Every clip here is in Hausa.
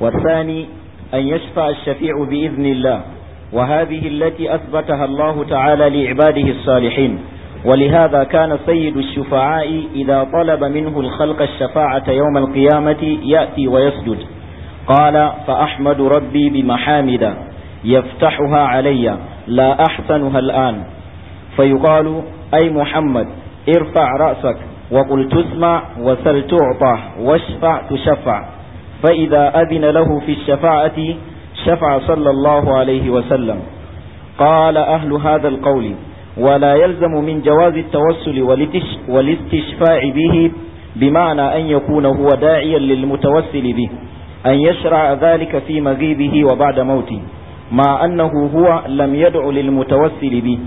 والثاني أن يشفع الشفيع بإذن الله وهذه التي أثبتها الله تعالى لعباده الصالحين ولهذا كان سيد الشفعاء إذا طلب منه الخلق الشفاعة يوم القيامة يأتي ويسجد قال فأحمد ربي بمحامد يفتحها علي لا أحسنها الآن فيقال أي محمد ارفع رأسك وقل تسمع وسل تعطى واشفع تشفع فإذا أذن له في الشفاعة شفع صلى الله عليه وسلم قال أهل هذا القول ولا يلزم من جواز التوسل والاستشفاع به بمعنى أن يكون هو داعيا للمتوسل به أن يشرع ذلك في مغيبه وبعد موته مع أنه هو لم يدع للمتوسل به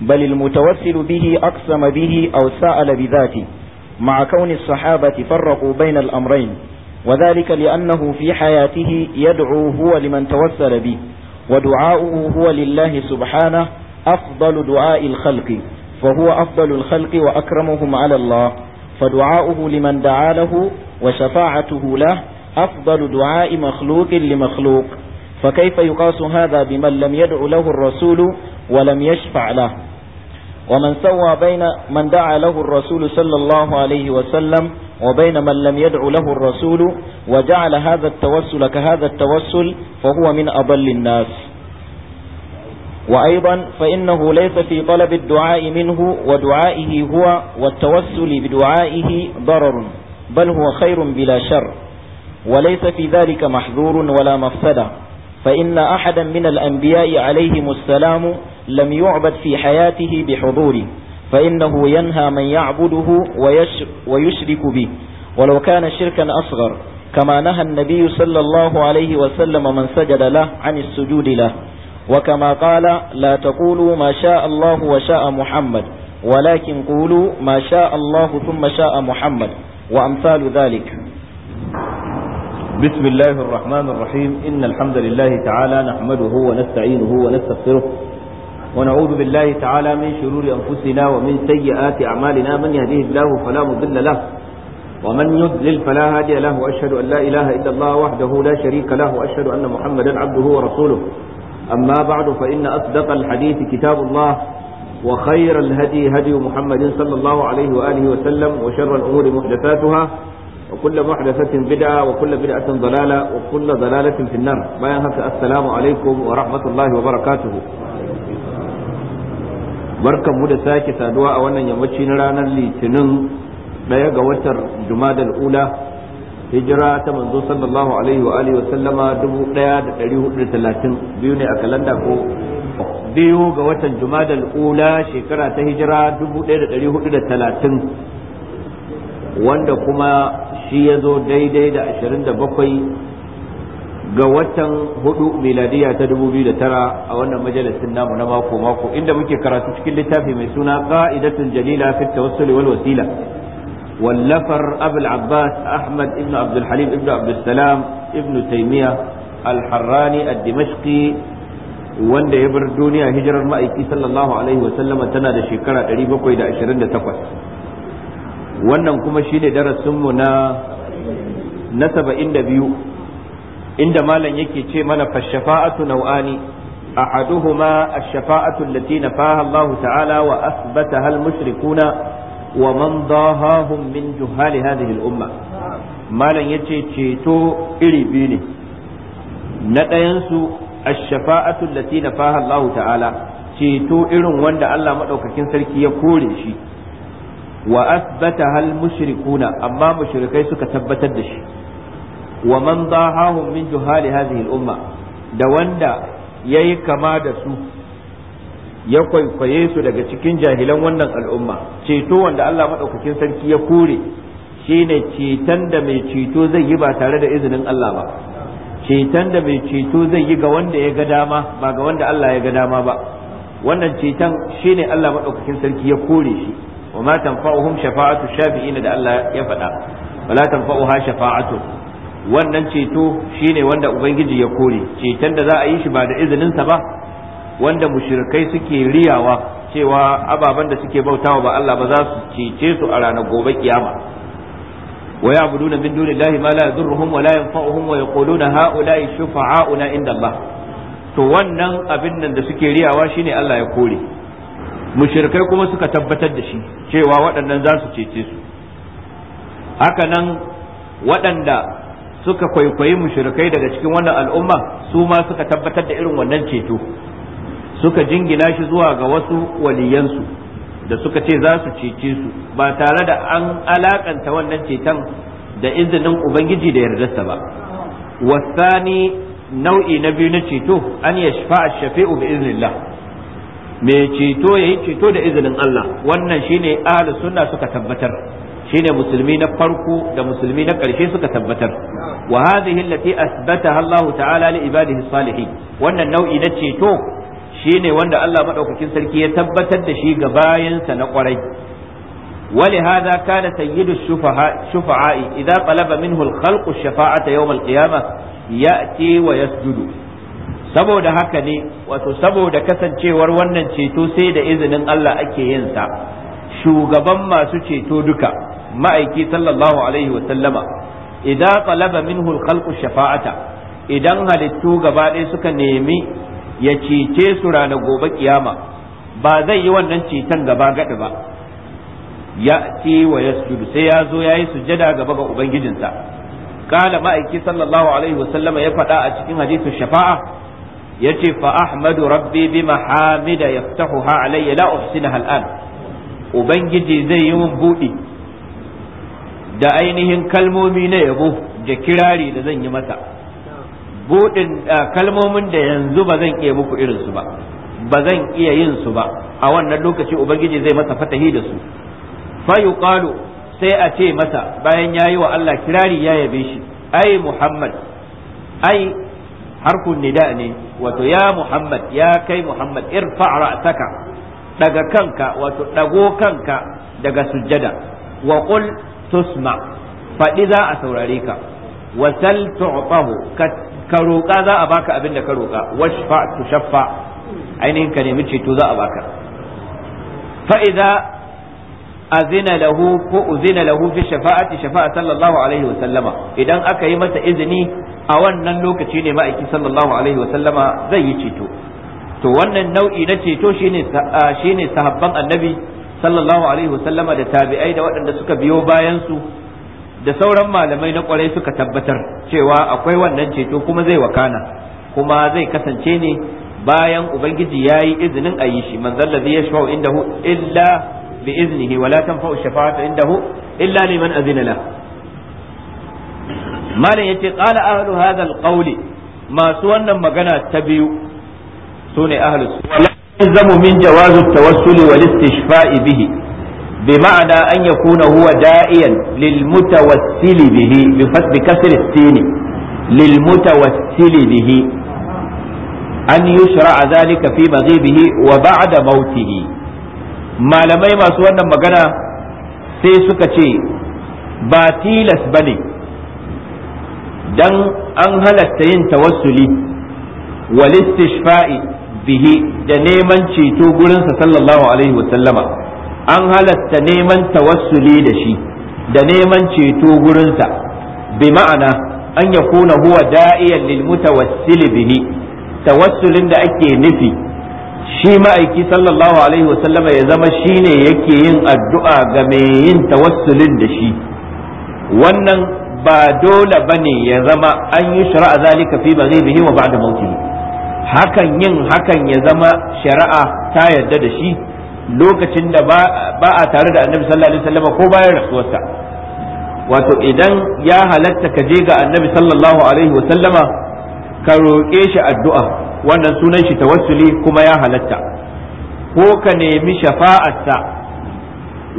بل المتوسل به أقسم به أو سأل بذاته مع كون الصحابة فرقوا بين الأمرين وذلك لأنه في حياته يدعو هو لمن توسل به ودعاؤه هو لله سبحانه أفضل دعاء الخلق فهو أفضل الخلق وأكرمهم على الله فدعاؤه لمن دعا له وشفاعته له أفضل دعاء مخلوق لمخلوق فكيف يقاس هذا بمن لم يدع له الرسول ولم يشفع له ومن سوى بين من دعا له الرسول صلى الله عليه وسلم وبين من لم يدعو له الرسول وجعل هذا التوسل كهذا التوسل فهو من أضل الناس وأيضا فإنه ليس في طلب الدعاء منه ودعائه هو والتوسل بدعائه ضرر بل هو خير بلا شر وليس في ذلك محذور ولا مفسدة فإن أحدا من الأنبياء عليهم السلام لم يعبد في حياته بحضوره فإنه ينهى من يعبده ويشرك به ولو كان شركا أصغر كما نهى النبي صلى الله عليه وسلم من سجد له عن السجود له وكما قال لا تقولوا ما شاء الله وشاء محمد ولكن قولوا ما شاء الله ثم شاء محمد وأمثال ذلك بسم الله الرحمن الرحيم إن الحمد لله تعالى نحمده ونستعينه ونستغفره ونعوذ بالله تعالى من شرور أنفسنا ومن سيئات أعمالنا من يهديه الله فلا مضل له ومن يضلل فلا هادي له وأشهد أن لا إله إلا الله وحده لا شريك له وأشهد أن محمدا عبده ورسوله أما بعد فإن أصدق الحديث كتاب الله وخير الهدي هدي محمد صلى الله عليه وآله وسلم وشر الأمور محدثاتها وكل محدثة بدعة وكل بدعة ضلالة وكل ضلالة في النار ما السلام عليكم ورحمة الله وبركاته mu da sake saduwa a wannan yammaci na ranar litinin ɗaya ga watan jumadal ula hijira ta manzo sallallahu alaihi wa alihi wa sallama dubu ɗaya da ɗari hudu da talatin biyu ne a kalanda ko biyu ga watan jumadal ula shekara ta hijira dubu ɗaya da ɗari hudu da talatin wanda kuma shi ya zo daidai da ashirin da bakwai ga watan hudu miladiya ta dubu biyu da tara a wannan majalisin namu na mako mako inda muke karatu cikin littafi mai suna qa'idatul jalila fi tawassul wal wasila wallafar abul abbas ahmad ibnu abdul halim ibnu abdul salam ibnu taymiya al-harrani ad-dimashqi wanda ya bar duniya hijirar ma'aiki sallallahu alaihi wa sallama tana da shekara 728 wannan kuma shine darasinmu na na 72 inda malam yake ce mana fa shafa'atu nau'ani ahaduhuma ash-shafa'atu allati nafaha Allah ta'ala wa asbata hal mushrikuna wa man dahahum min juhali hadhihi al-umma malam yace ceto iri biyu ne na ɗayan su ash-shafa'atu allati nafaha Allah ta'ala ceto irin wanda Allah madaukakin sarki ya kore shi wa asbata hal mushrikuna amma mushrikai suka tabbatar da shi wa man dahahum min juhali hadhihi al da wanda yayi kama da su ya kwaikwaye su daga cikin jahilan wannan al'umma ceto wanda Allah madaukakin sarki ya kore shine ceton da mai ceto zai yi ba tare da izinin Allah ba ceton da mai ceto zai yi ga wanda ya ga dama ba ga wanda Allah ya ga dama ba wannan ceton shine Allah madaukakin sarki ya kore shi wa ma tanfa'uhum shafa'atu shafi'ina da Allah ya faɗa shafa'atu wannan ceto shine wanda ubangiji ya kore ceton da za a yi shi ba da izininsa ba wanda mushrikai suke riyawa cewa ababen da suke bautawa ba Allah ba za su cece su a ranar gobe kiyama wa ya'buduna min dunillahi ma la yadurruhum wa la yanfa'uhum wa yaquluna ha'ula'i shufa'a'una inda Allah to wannan abin nan da suke riyawa shine Allah ya kore mushrikai kuma suka tabbatar da shi cewa waɗannan za su cece su haka nan waɗanda suka kwaikwayi mushrikai daga cikin wannan al'umma su ma suka tabbatar da irin wannan ceto suka jingina shi zuwa ga wasu waliyansu da suka ce za su cece su ba tare da an alakanta wannan ceton da izinin ubangiji da yardarsa ba wasani nau'i na biyu na ceto an shafa shafi'u bi iznillah mai ceto yayi ceto da izinin Allah wannan shine ahlus sunna suka tabbatar shine musulmi na farko da musulmi na ƙarshe suka tabbatar wa hadhihi allati asbataha Allah ta'ala li ibadihi salihin wannan nau'i na ceto shine wanda Allah madaukakin sarki ya tabbatar da shi ga bayansa na kwarai, ولهذا كان kada الشفعاء شفعاء إذا طلب منه الخلق الشفاعة يوم القيامة يأتي ويسجد saboda haka ne wato saboda kasancewar wannan ceto sai da izinin Allah ake yin sa shugaban masu ceto duka ma'aiki sallallahu alaihi wa sallama idan talaba minhu shafa'ata idan halittu gaba ɗaya suka nemi ya cice su rana gobe kiyama ba zai yi wannan citan gaba gadi ba ya ci wa yasjudu sai ya zo yayi sujada gaba ga ubangijinsa kala ma'aiki sallallahu alaihi wa sallama ya faɗa a cikin hadisin shafa'a yace fa ahmadu rabbi bi mahamida yaftahuha alayya la uhsinaha al'an ubangiji zai yi mun budi da ainihin kalmomi na yabo da kirari da zan yi masa buɗin kalmomin da yanzu ba zan iya muku irinsu ba ba zan iya yin su ba a wannan lokaci ubangiji zai masa fatahi da su fayuqalu sai a ce masa bayan ya yi wa Allah kirari ya yabe shi ai muhammad ai harkun nida ne wato ya muhammad ya kai muhammad irfa ra'saka daga kanka wato dago kanka daga sujjada wa tusma faɗi za a saurare ka wasal tu'tahu ka roƙa za a baka abin da ka roƙa washfa tushaffa ainihin ka nemi ceto za a baka fa idza azina lahu ko uzina lahu fi shafa'ati shafa'a wa sallama idan aka yi mata izini a wannan lokaci ne ma'aiki sallallahu wa zai yi ceto to wannan nau'i na ceto shine shine sahabban annabi sallallahu alaihi wasallama da tabi'ai da waɗanda suka biyo bayansu da sauran malamai na kwarai suka tabbatar cewa akwai wannan ceto kuma zai wakana kuma zai kasance ne bayan ubangiji ya yi izinin a yi shi ya ladhi inda indahu illa bi iznihi wa la tanfa'u shafa'atu indahu illa liman azina la malam yace qala ahlu hadha alqawli masu wannan magana ta biyu sune ahlus يلزم من جواز التوسل والاستشفاء به بمعنى أن يكون هو داعيا للمتوسل به بكسر السين للمتوسل به أن يشرع ذلك في مغيبه وبعد موته ما لم يمس وانا مغنى sai suka ce ba tilas ba ne don an halatta yin tawassuli wal istishfa'i bihi da neman ceto gurinsa sallallahu alaihi wa sallama an halatta neman tawassuli da shi da neman ceto gurinsa bi ma'ana an ya kuna huwa da'iyan lil mutawassil bihi tawassulin da ake nufi shi ma'aiki sallallahu alaihi wa sallama ya zama shine yake yin addu'a ga mai yin tawassulin da shi wannan ba dole bane ya zama an yi shara'a zalika fi maghibihi wa ba'da mautihi hakan yin hakan ya zama shari'a ta yarda da shi lokacin da ba a tare da annabi sallallahu alaihi wasallam ko bayan rasuwarsa wato idan ya halatta ka je ga annabi sallallahu alaihi wasallam ka roƙe shi addu'a wannan sunan shi tawassuli kuma ya halatta ko ka nemi shafa'arsa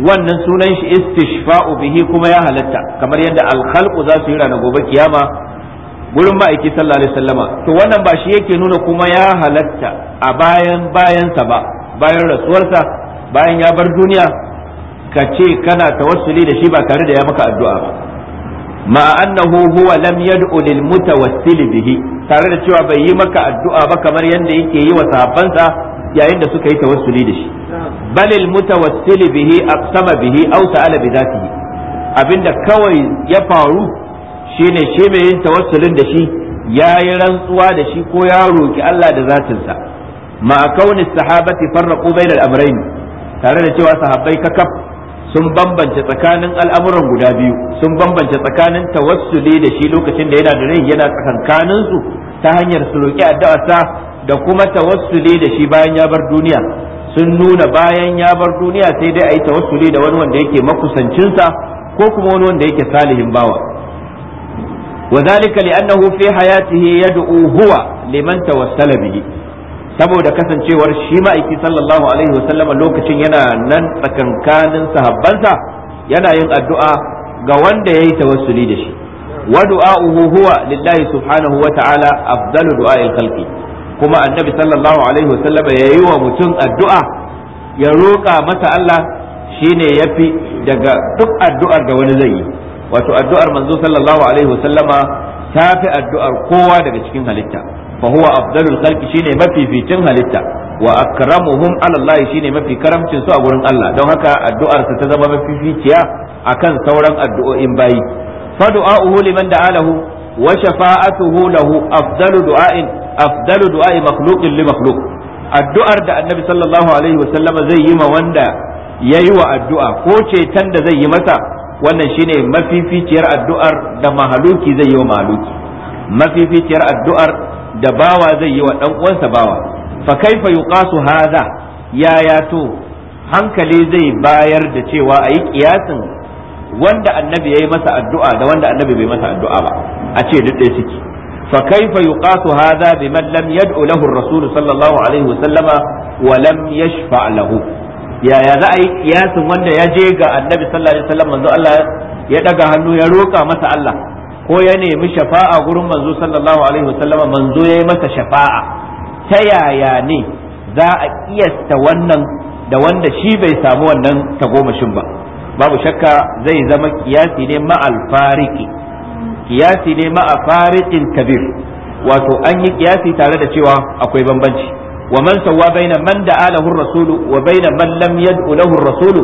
wannan sunan shi istishfa'u bihi kuma ya halatta kamar yadda alkhalqu za su yi rana gobe kiyama gurin aiki sallallahu alaihi wasallama to wannan ba shi yake nuna kuma ya halatta a bayan bayansa ba bayan rasuwarsa bayan ya bar duniya ka ce kana tawassuli da shi ba tare da ya maka addu'a ba ma annahu huwa lam yad'u lil mutawassil bihi tare da cewa bai yi maka addu'a ba kamar yadda yake yi wa sahabbansa yayin da suka yi tawassuli da shi balil al mutawassil bihi aqsama bihi aw sa'ala bi dhatihi abinda kawai ya faru shine shi mai yin tawassulin da shi ya yi rantsuwa da shi ko ya roki Allah da zatinsa ma kauni sahabati farraqu bainal amrayn tare da cewa sahabai kakaf sun bambance tsakanin al'amuran guda biyu sun bambance tsakanin tawassuli da shi lokacin da yana da rai yana tsakankanin su ta hanyar su roki addu'arsa da kuma tawassuli da shi bayan ya bar duniya sun nuna bayan ya bar duniya sai dai a yi tawassuli da wani wanda yake makusancinsa ko kuma wani wanda yake salihin bawa وذلك لأنه في حياته يدعو هو لمن توسل به saboda kasancewar shi ma'aiki sallallahu alaihi wasallama lokacin yana nan tsakankanin sahabbansa yana yin addu'a ga wanda ya yi tawassuli da shi wa du'a'uhu huwa lillahi subhanahu wa ta'ala afdalu du'a'il khalqi kuma annabi sallallahu alaihi wasallama yayi wa mutum addu'a ya roƙa masa Allah shine yafi daga duk addu'ar da wani zai yi wato addu'ar manzo sallallahu alaihi wasallama ta fi addu'ar kowa daga cikin halitta fa huwa afdalul khalqi shine fitin halitta wa akramuhum ala Allah shine mafi karamcin su a gurin Allah don haka addu'ar ta zama mafificiya akan sauran addu'o'in bayi fa du'a'uhu liman da'alahu wa shafa'atuhu lahu afdalu du'a'in afdalu du'a'i makhluqin li makhluq addu'ar da annabi sallallahu alaihi wasallama zai yi ma wanda yayi wa addu'a ko ceton da zai yi masa wannan shine mafificiyar addu'ar da mahaluki zai yi wa mahaluki mafificiyar addu'ar da bawa zai yi wa dan uwansa bawa fa kaifa yuqasu hadha ya to hankali zai bayar da cewa a yi kiyasin wanda annabi yi masa addu'a da wanda annabi bai masa addu'a ba a ce duk ɗaya suke fa kaifa yuqasu hadha biman lam yad'u lahu ar-rasul sallallahu alaihi wa sallama wa lam yashfa' lahu yaya za a yi kiyasin wanda ya je ga annabi sallallahu alaihi wasallam manzo Allah ya daga hannu ya roka masa Allah ko ya nemi shafa'a gurin manzo sallallahu alaihi wasallam manzo ya masa shafa'a ta yaya ne za a kiyasta wannan da wanda shi bai samu wannan tagomashin ba babu shakka zai zama kiyasi ne ma'al fariki kiyasi ne ma'a fariqin kabir wato an yi kiyasi tare da cewa akwai bambanci wa man sawwa baina man da'a lahu rasulu wa baina man lam yad'u lahu rasulu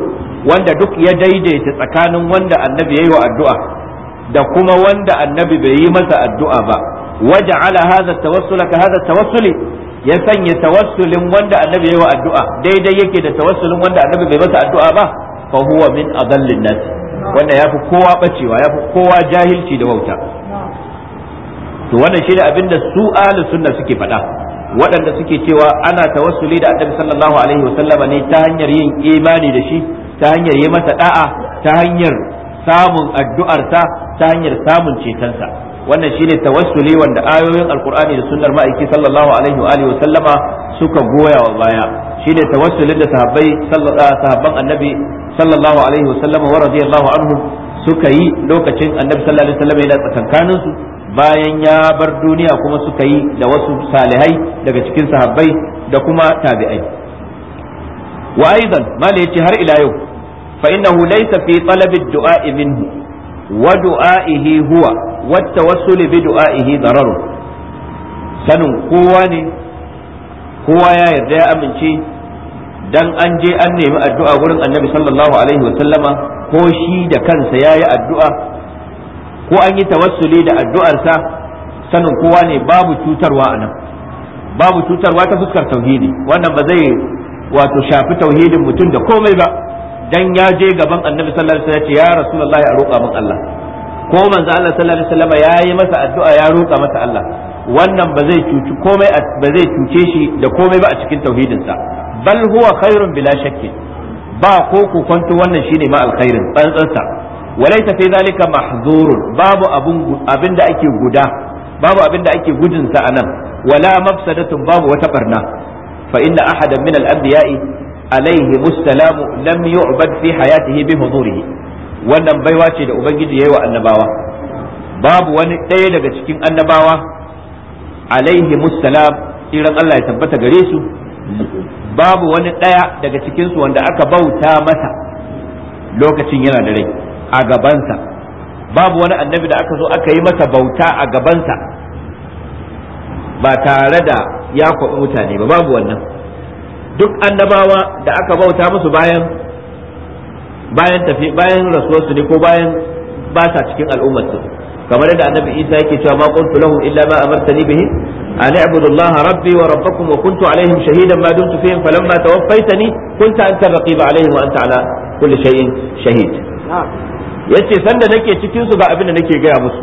wanda duk ya daidaita tsakanin wanda annabi yayi wa addu'a da kuma wanda annabi bai yi masa addu'a ba waja'ala hadha tawassula ka hadha tawassuli ya sanya tawassulin wanda annabi yayi wa addu'a daidai yake da tawassulin wanda annabi bai masa addu'a ba fa huwa min adallin nas wanda yafi kowa bacewa kowa jahilci da wauta to wannan shine da su ahli sunna suke faɗa waɗanda suke cewa ana tawassuli da annabi sallallahu alaihi wasallama ne ta hanyar yin imani da shi ta hanyar yi masa da'a ta hanyar samun addu'arsa ta hanyar samun cetonsa wannan shine tawassuli wanda ayoyin alkur'ani da sunnar ma'aiki sallallahu alaihi wa alihi wasallama suka goya wa baya shine tawassulin da sahabbai ah, sahabban annabi sallallahu alaihi wasallama wa radiyallahu anhum suka yi lokacin annabi sallallahu alaihi wasallama yana tsakankaninsu bayan ya bar duniya kuma suka yi da wasu salihai daga cikin sahabbai da kuma tabi'ai wa aidan mala yace har ila yau fa innahu laysa fi talabi du'a'i minhu wa du'a'ihi huwa wa tawassul bi du'a'ihi darar sanin kowa ne kowa ya yarda ya amince dan an je an nemi addu'a gurin annabi sallallahu alaihi wa sallama ko shi da kansa yayi addu'a ko an yi tawassuli da addu'arsa sanin kowa ne babu cutarwa a nan babu cutarwa ta fuskar tauhidi wannan ba zai wato shafi tauhidin mutum da komai ba dan ya je gaban annabi sallallahu alaihi wasallam ya ce ya rasulullahi a roƙa min Allah ko manzo Allah sallallahu alaihi wasallam ya yi masa addu'a ya roƙa masa Allah wannan ba zai cuci komai ba zai cuce shi da komai ba a cikin tauhidinsa bal huwa khairun bila shakki ba ko ku kwanto wannan shine ma alkhairin tsantsansa walaysa fi zalika mahzurun babu abun abinda ake guda babu abinda ake gudun sa anan wala mafsadatun babu wata barna fa inna ahadan min al-anbiya'i alayhi musallamu lam yu'bad fi hayatihi bi hudurihi wannan baiwa ce da ubangiji yayi wa annabawa babu wani ɗaya daga cikin annabawa alaihi musalam tsiran Allah ya tabbata gare su babu wani ɗaya daga cikinsu wanda aka bauta masa lokacin yana da rai a gabansa babu wani annabi da aka zo aka yi masa bauta a gabansa ba tare da ya kwaɓi mutane ba babu wannan duk annabawa da aka bauta musu bayan bayan tafi bayan rasuwarsu ne ko bayan ba sa cikin al'ummarsu kamar yadda annabi isa yake cewa ma qultu lahum illa ma amartani bihi an a'budu allaha rabbi wa rabbakum wa kuntu alaihim shahidan ma dumtu fihim falamma tawaffaytani kunta anta raqiba alaihim wa anta ala kulli shay'in shahid yace sanda nake cikin su ga abin da nake gaya musu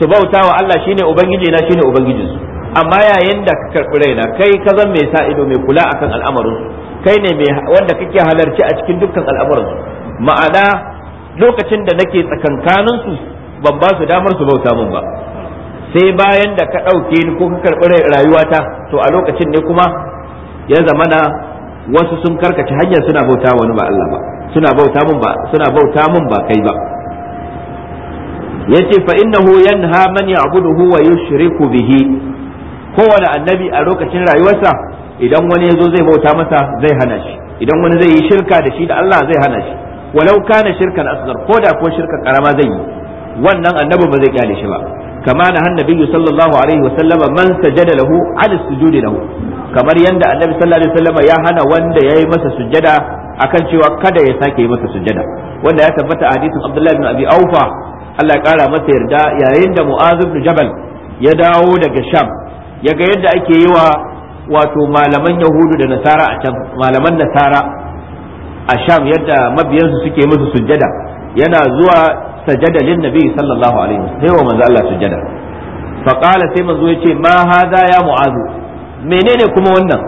su bauta wa Allah shine ubangiji na shine ubangijin su amma yayin da ka karbi raina kai ka zan mai sa ido mai kula akan al'amarin kai ne mai wanda kake halarci a cikin dukkan al'amarin ma'ana lokacin da nake tsakankanin su ban ba su damar su bauta mun ba sai bayan da ka ɗauke ni ko ka karɓi rayuwata to a lokacin ne kuma ya zamana wasu sun karkace hanyar suna bauta wani ba Allah ba suna bauta mun ba suna bauta mun ba kai ba yace fa innahu yanha man ya'buduhu wa yushriku bihi kowane annabi a lokacin rayuwarsa idan wani yazo zai bauta masa zai hana shi idan wani zai yi shirka da shi da Allah zai hana shi walau kana shirkan asghar ko da ko shirka karama zai yi wannan annabi ba zai kyale shi ba kama na hannabi sallallahu alaihi wa sallama man sajada lahu ala sujudi lahu kamar yanda annabi sallallahu alaihi wa sallama ya hana wanda yayi masa sujada akan cewa kada ya sake yi masa sujada wanda ya tabbata a hadisin Abdullah ibn Abi Aufa Allah ya kara masa yarda yayin da Mu'az ibn Jabal ya dawo daga Sham ya yadda ake yi wa wato malaman Yahudu da Nasara a can malaman Nasara a Sham yadda mabiyansu suke musu sujjada yana zuwa sajada lin Nabi sallallahu alaihi wasallam sai wa manzo Allah sujjada fa qala sai manzo yace ma hadha ya Mu'az menene kuma wannan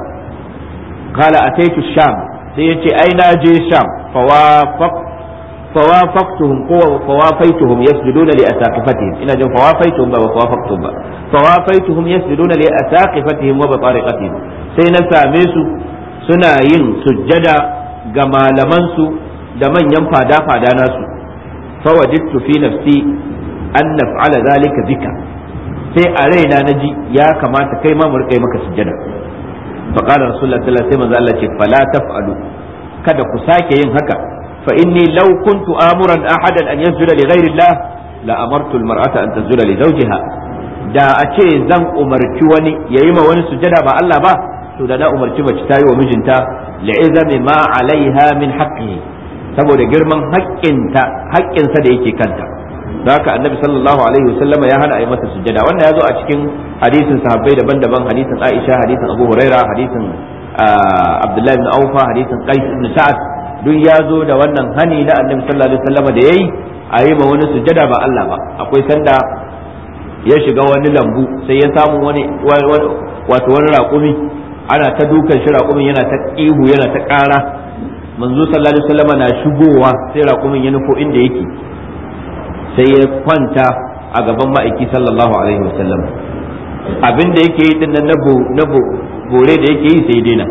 qala ataitu Sham sai yace ai na je Sham fa Kawafak tuhum kowa kawafai tuhum ya Ina jin kawafai ba kawafak ba. Kawafai tuhum ya su giduna ne a Sai na same su suna yin sujjada ga malamansu da manyan fada-fadana su. Kada ku nafsi an nafcala za bika. Sai a raina na ji ya kamata kai mamar ka yi maka sujjada. Baƙar Rasi sun lantana sai Maza Kada ku sake yin haka. fa inni law kuntu amuran ahadan an yasjuda li ghairi la amartu al-mar'ata an tasjuda da a ce zan umarci wani yayi ma wani sujada ba Allah ba to da na umarci mace ta yi wa mijinta li'izami ma alaiha min haqqihi saboda girman haƙƙinta haƙƙinsa da yake kanta da haka annabi sallallahu alaihi wasallama ya hana a yi masa sujada wanda ya zo a cikin hadisin sahabbai daban-daban hadisin Aisha hadisin Abu Huraira hadisin ah, Abdullahi bin Awfa hadisin Qais ibn Sa'ad duk ya zo da wannan hani na annabi sallallahu alaihi wasallam da yayi a yi ma wani sujada ba Allah ba akwai sanda ya shiga wani lambu sai ya samu wani wato wani raƙumi ana ta dukan shi raƙumin yana ta ihu yana ta ƙara manzo sallallahu alaihi wasallam na shigowa sai raƙumin ya nufo inda yake sai ya kwanta a gaban ma'aiki sallallahu alaihi wasallam abin da yake yi din nan na bore da yake yi sai daina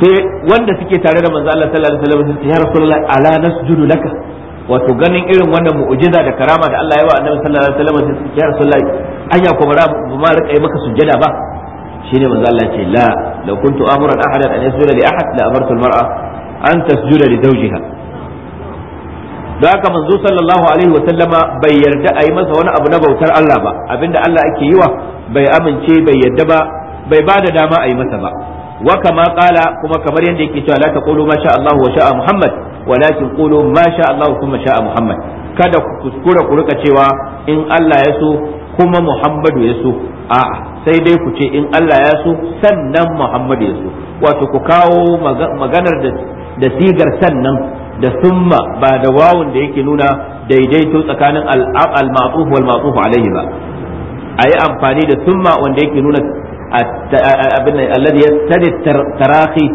sai wanda suke tare da manzo Allah sallallahu alaihi wasallam sai ya rasulullah ala nasjudu laka wato ganin irin wannan mu'jiza da karama da Allah ya wa annabi sallallahu alaihi wasallam sai ya rasulullah anya ko bara ma rika yi maka sujjada ba shine manzo Allah ce la law kuntu amuran ahadan an yasjuda li ahad la amartu al mar'a an tasjuda li zawjiha da haka manzo sallallahu alaihi wa sallama bai yarda a yi masa wani abu na bautar Allah ba abinda Allah ake yi wa bai amince bai yarda ba bai ba da dama a yi masa ba wa kama qala kuma kamar yadda yake cewa la taqulu ma sha Allah wa Muhammad walakin qulu ma sha Allah kuma Muhammad kada ku kuskura ku rika cewa in Allah ya so kuma Muhammadu ya so a'a sai dai ku ce in Allah ya so sannan Muhammadu ya so wato ku kawo maganar da sigar sannan da summa ba da wawun da yake nuna daidaito tsakanin al maruf wal ma'ruf alayhi ba a yi amfani da summa wanda yake nuna abin alladhi yastadi tarahi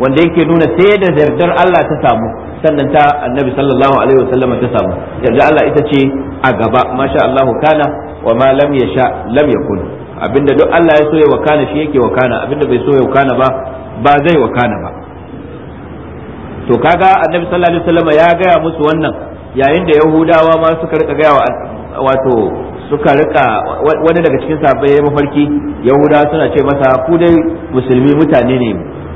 wanda yake nuna sai da yardar Allah ta samu sannan ta annabi sallallahu alaihi wasallam ta samu yarda Allah ita ce a gaba masha Allah kana wa ma lam yasha lam yakun abinda duk Allah ya so ya wakana shi yake wakana abinda bai so ya wakana ba ba zai wakana ba to kaga annabi sallallahu alaihi wasallam ya gaya musu wannan yayin da yahudawa ma suka rika gaya wato suka rika wani daga cikin sahabbai mafarki yahuda suna ce masa ku dai musulmi mutane ne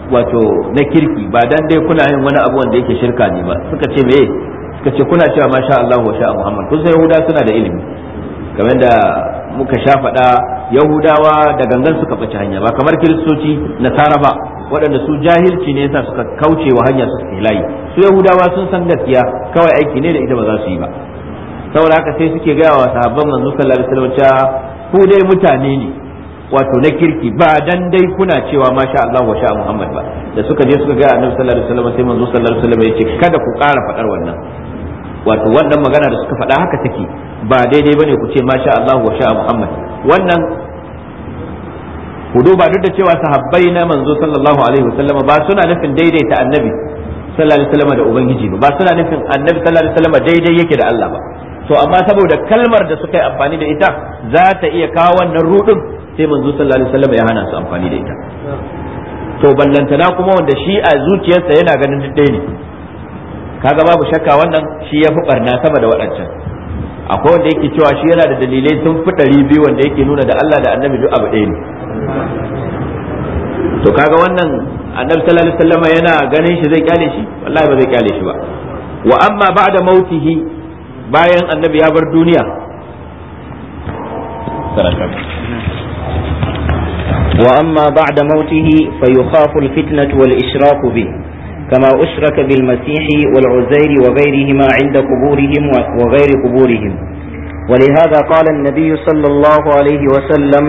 wato na kirki ba dan dai kuna yin wani abu wanda yake shirka ne ba suka ce meye suka ce kuna cewa masha Allah wa sha Muhammad kun san yahuda suna da ilimi kamar da muka sha faɗa yahudawa da gangan suka ɓace hanya ba kamar kiristoci nasara ba waɗanda su jahilci ne yasa suka kauce wa hanya su layi su yahudawa sun san gaskiya kawai aiki ne da ita ba za su yi ba saboda haka sai suke gaya wa sahabban manzo sallallahu alaihi wasallam cewa ku dai mutane ne wato na kirki ba dan dai kuna cewa masha Allah wa sha Muhammad ba da suka je suka ga Annabi sallallahu alaihi wasallam sai manzo sallallahu alaihi wasallam ya ce kada ku ƙara faɗar wannan wato wannan magana da suka faɗa haka take ba daidai bane ku ce masha Allah wa sha Muhammad wannan ku duba duk da cewa sahabbai na manzo sallallahu alaihi wasallam ba suna nufin daidaita Annabi sallallahu alaihi wasallam da ubangiji ba ba suna nufin Annabi sallallahu alaihi wasallam daidai yake da Allah ba to amma saboda kalmar da suka yi amfani da ita za ta iya kawo wannan rudin sai manzo sallallahu alaihi wasallam ya hana su amfani da ita to ballantana kuma wanda shi a zuciyarsa yana ganin duk ne kaga babu shakka wannan shi ya fi barna sama da waɗancan akwai wanda yake cewa shi yana da dalilai sun fi ɗari biyu wanda yake nuna da Allah da annabi duk abu ɗaya ne to kaga wannan annabi sallallahu alaihi wasallam yana ganin shi zai kyale shi wallahi ba zai kyale shi ba wa amma ba'da mautihi bayan annabi ya bar duniya وأما بعد موته فيخاف الفتنة والإشراك به كما أشرك بالمسيح والعزير وغيرهما عند قبورهم وغير قبورهم ولهذا قال النبي صلى الله عليه وسلم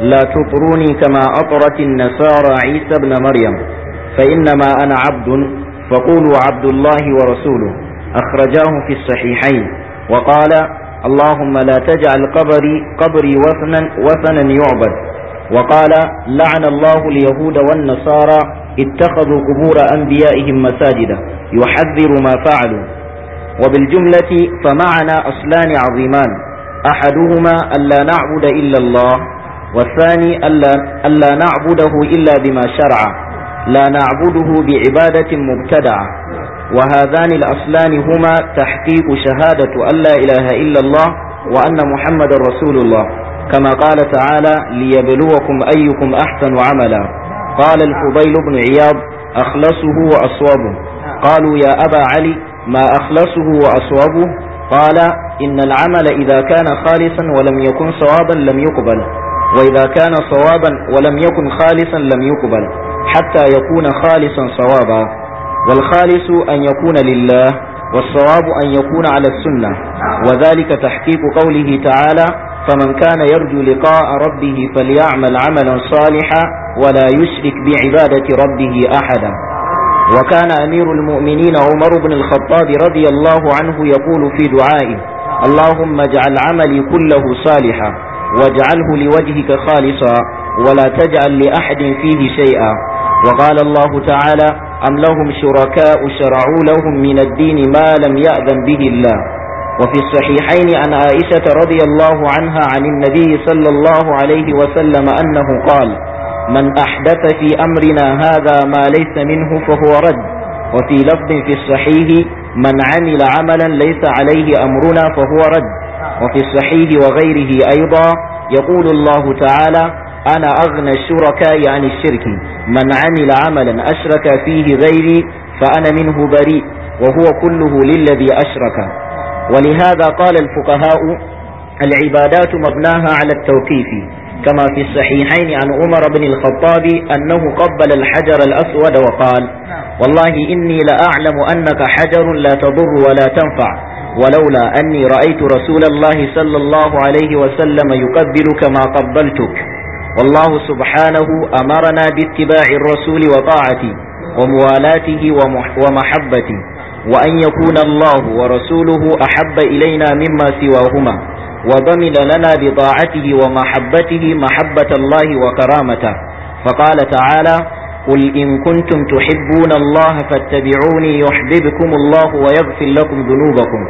لا تطروني كما أطرت النصارى عيسى بن مريم فإنما أنا عبد فقولوا عبد الله ورسوله أخرجاه في الصحيحين وقال اللهم لا تجعل قبري قبري وثنا وثنا يعبد وقال لعن الله اليهود والنصارى اتخذوا قبور أنبيائهم مساجدا يحذر ما فعلوا وبالجملة فمعنا أصلان عظيمان أحدهما ألا نعبد إلا الله والثاني ألا, ألا نعبده إلا بما شرع لا نعبده بعبادة مبتدعة وهذان الأصلان هما تحقيق شهادة أن لا إله إلا الله وأن محمد رسول الله كما قال تعالى ليبلوكم أيكم أحسن عملا قال الفضيل بن عياض أخلصه وأصوابه قالوا يا أبا علي ما أخلصه وأصوابه قال إن العمل إذا كان خالصا ولم يكن صوابا لم يقبل وإذا كان صوابا ولم يكن خالصا لم يقبل حتى يكون خالصا صوابا والخالص أن يكون لله والصواب أن يكون على السنة وذلك تحقيق قوله تعالى فمن كان يرجو لقاء ربه فليعمل عملا صالحا ولا يشرك بعبادة ربه أحدا وكان أمير المؤمنين عمر بن الخطاب رضي الله عنه يقول في دعائه اللهم اجعل عملي كله صالحا واجعله لوجهك خالصا ولا تجعل لأحد فيه شيئا وقال الله تعالى أم لهم شركاء شرعوا لهم من الدين ما لم يأذن به الله وفي الصحيحين عن عائشة رضي الله عنها عن النبي صلى الله عليه وسلم أنه قال من أحدث في أمرنا هذا ما ليس منه فهو رد وفي لفظ في الصحيح من عمل عملا ليس عليه أمرنا فهو رد وفي الصحيح وغيره أيضا يقول الله تعالى أنا أغنى الشركاء عن يعني الشرك من عمل عملا أشرك فيه غيري فأنا منه بريء وهو كله للذي أشرك ولهذا قال الفقهاء العبادات مبناها على التوقيف كما في الصحيحين عن عمر بن الخطاب أنه قبل الحجر الأسود وقال والله إني لأعلم أنك حجر لا تضر ولا تنفع ولولا أني رأيت رسول الله صلى الله عليه وسلم يقبلك ما قبلتك والله سبحانه أمرنا باتباع الرسول وطاعته وموالاته ومحبته وأن يكون الله ورسوله أحب إلينا مما سواهما وضمن لنا بطاعته ومحبته محبة الله وكرامته فقال تعالى قل إن كنتم تحبون الله فاتبعوني يحببكم الله ويغفر لكم ذنوبكم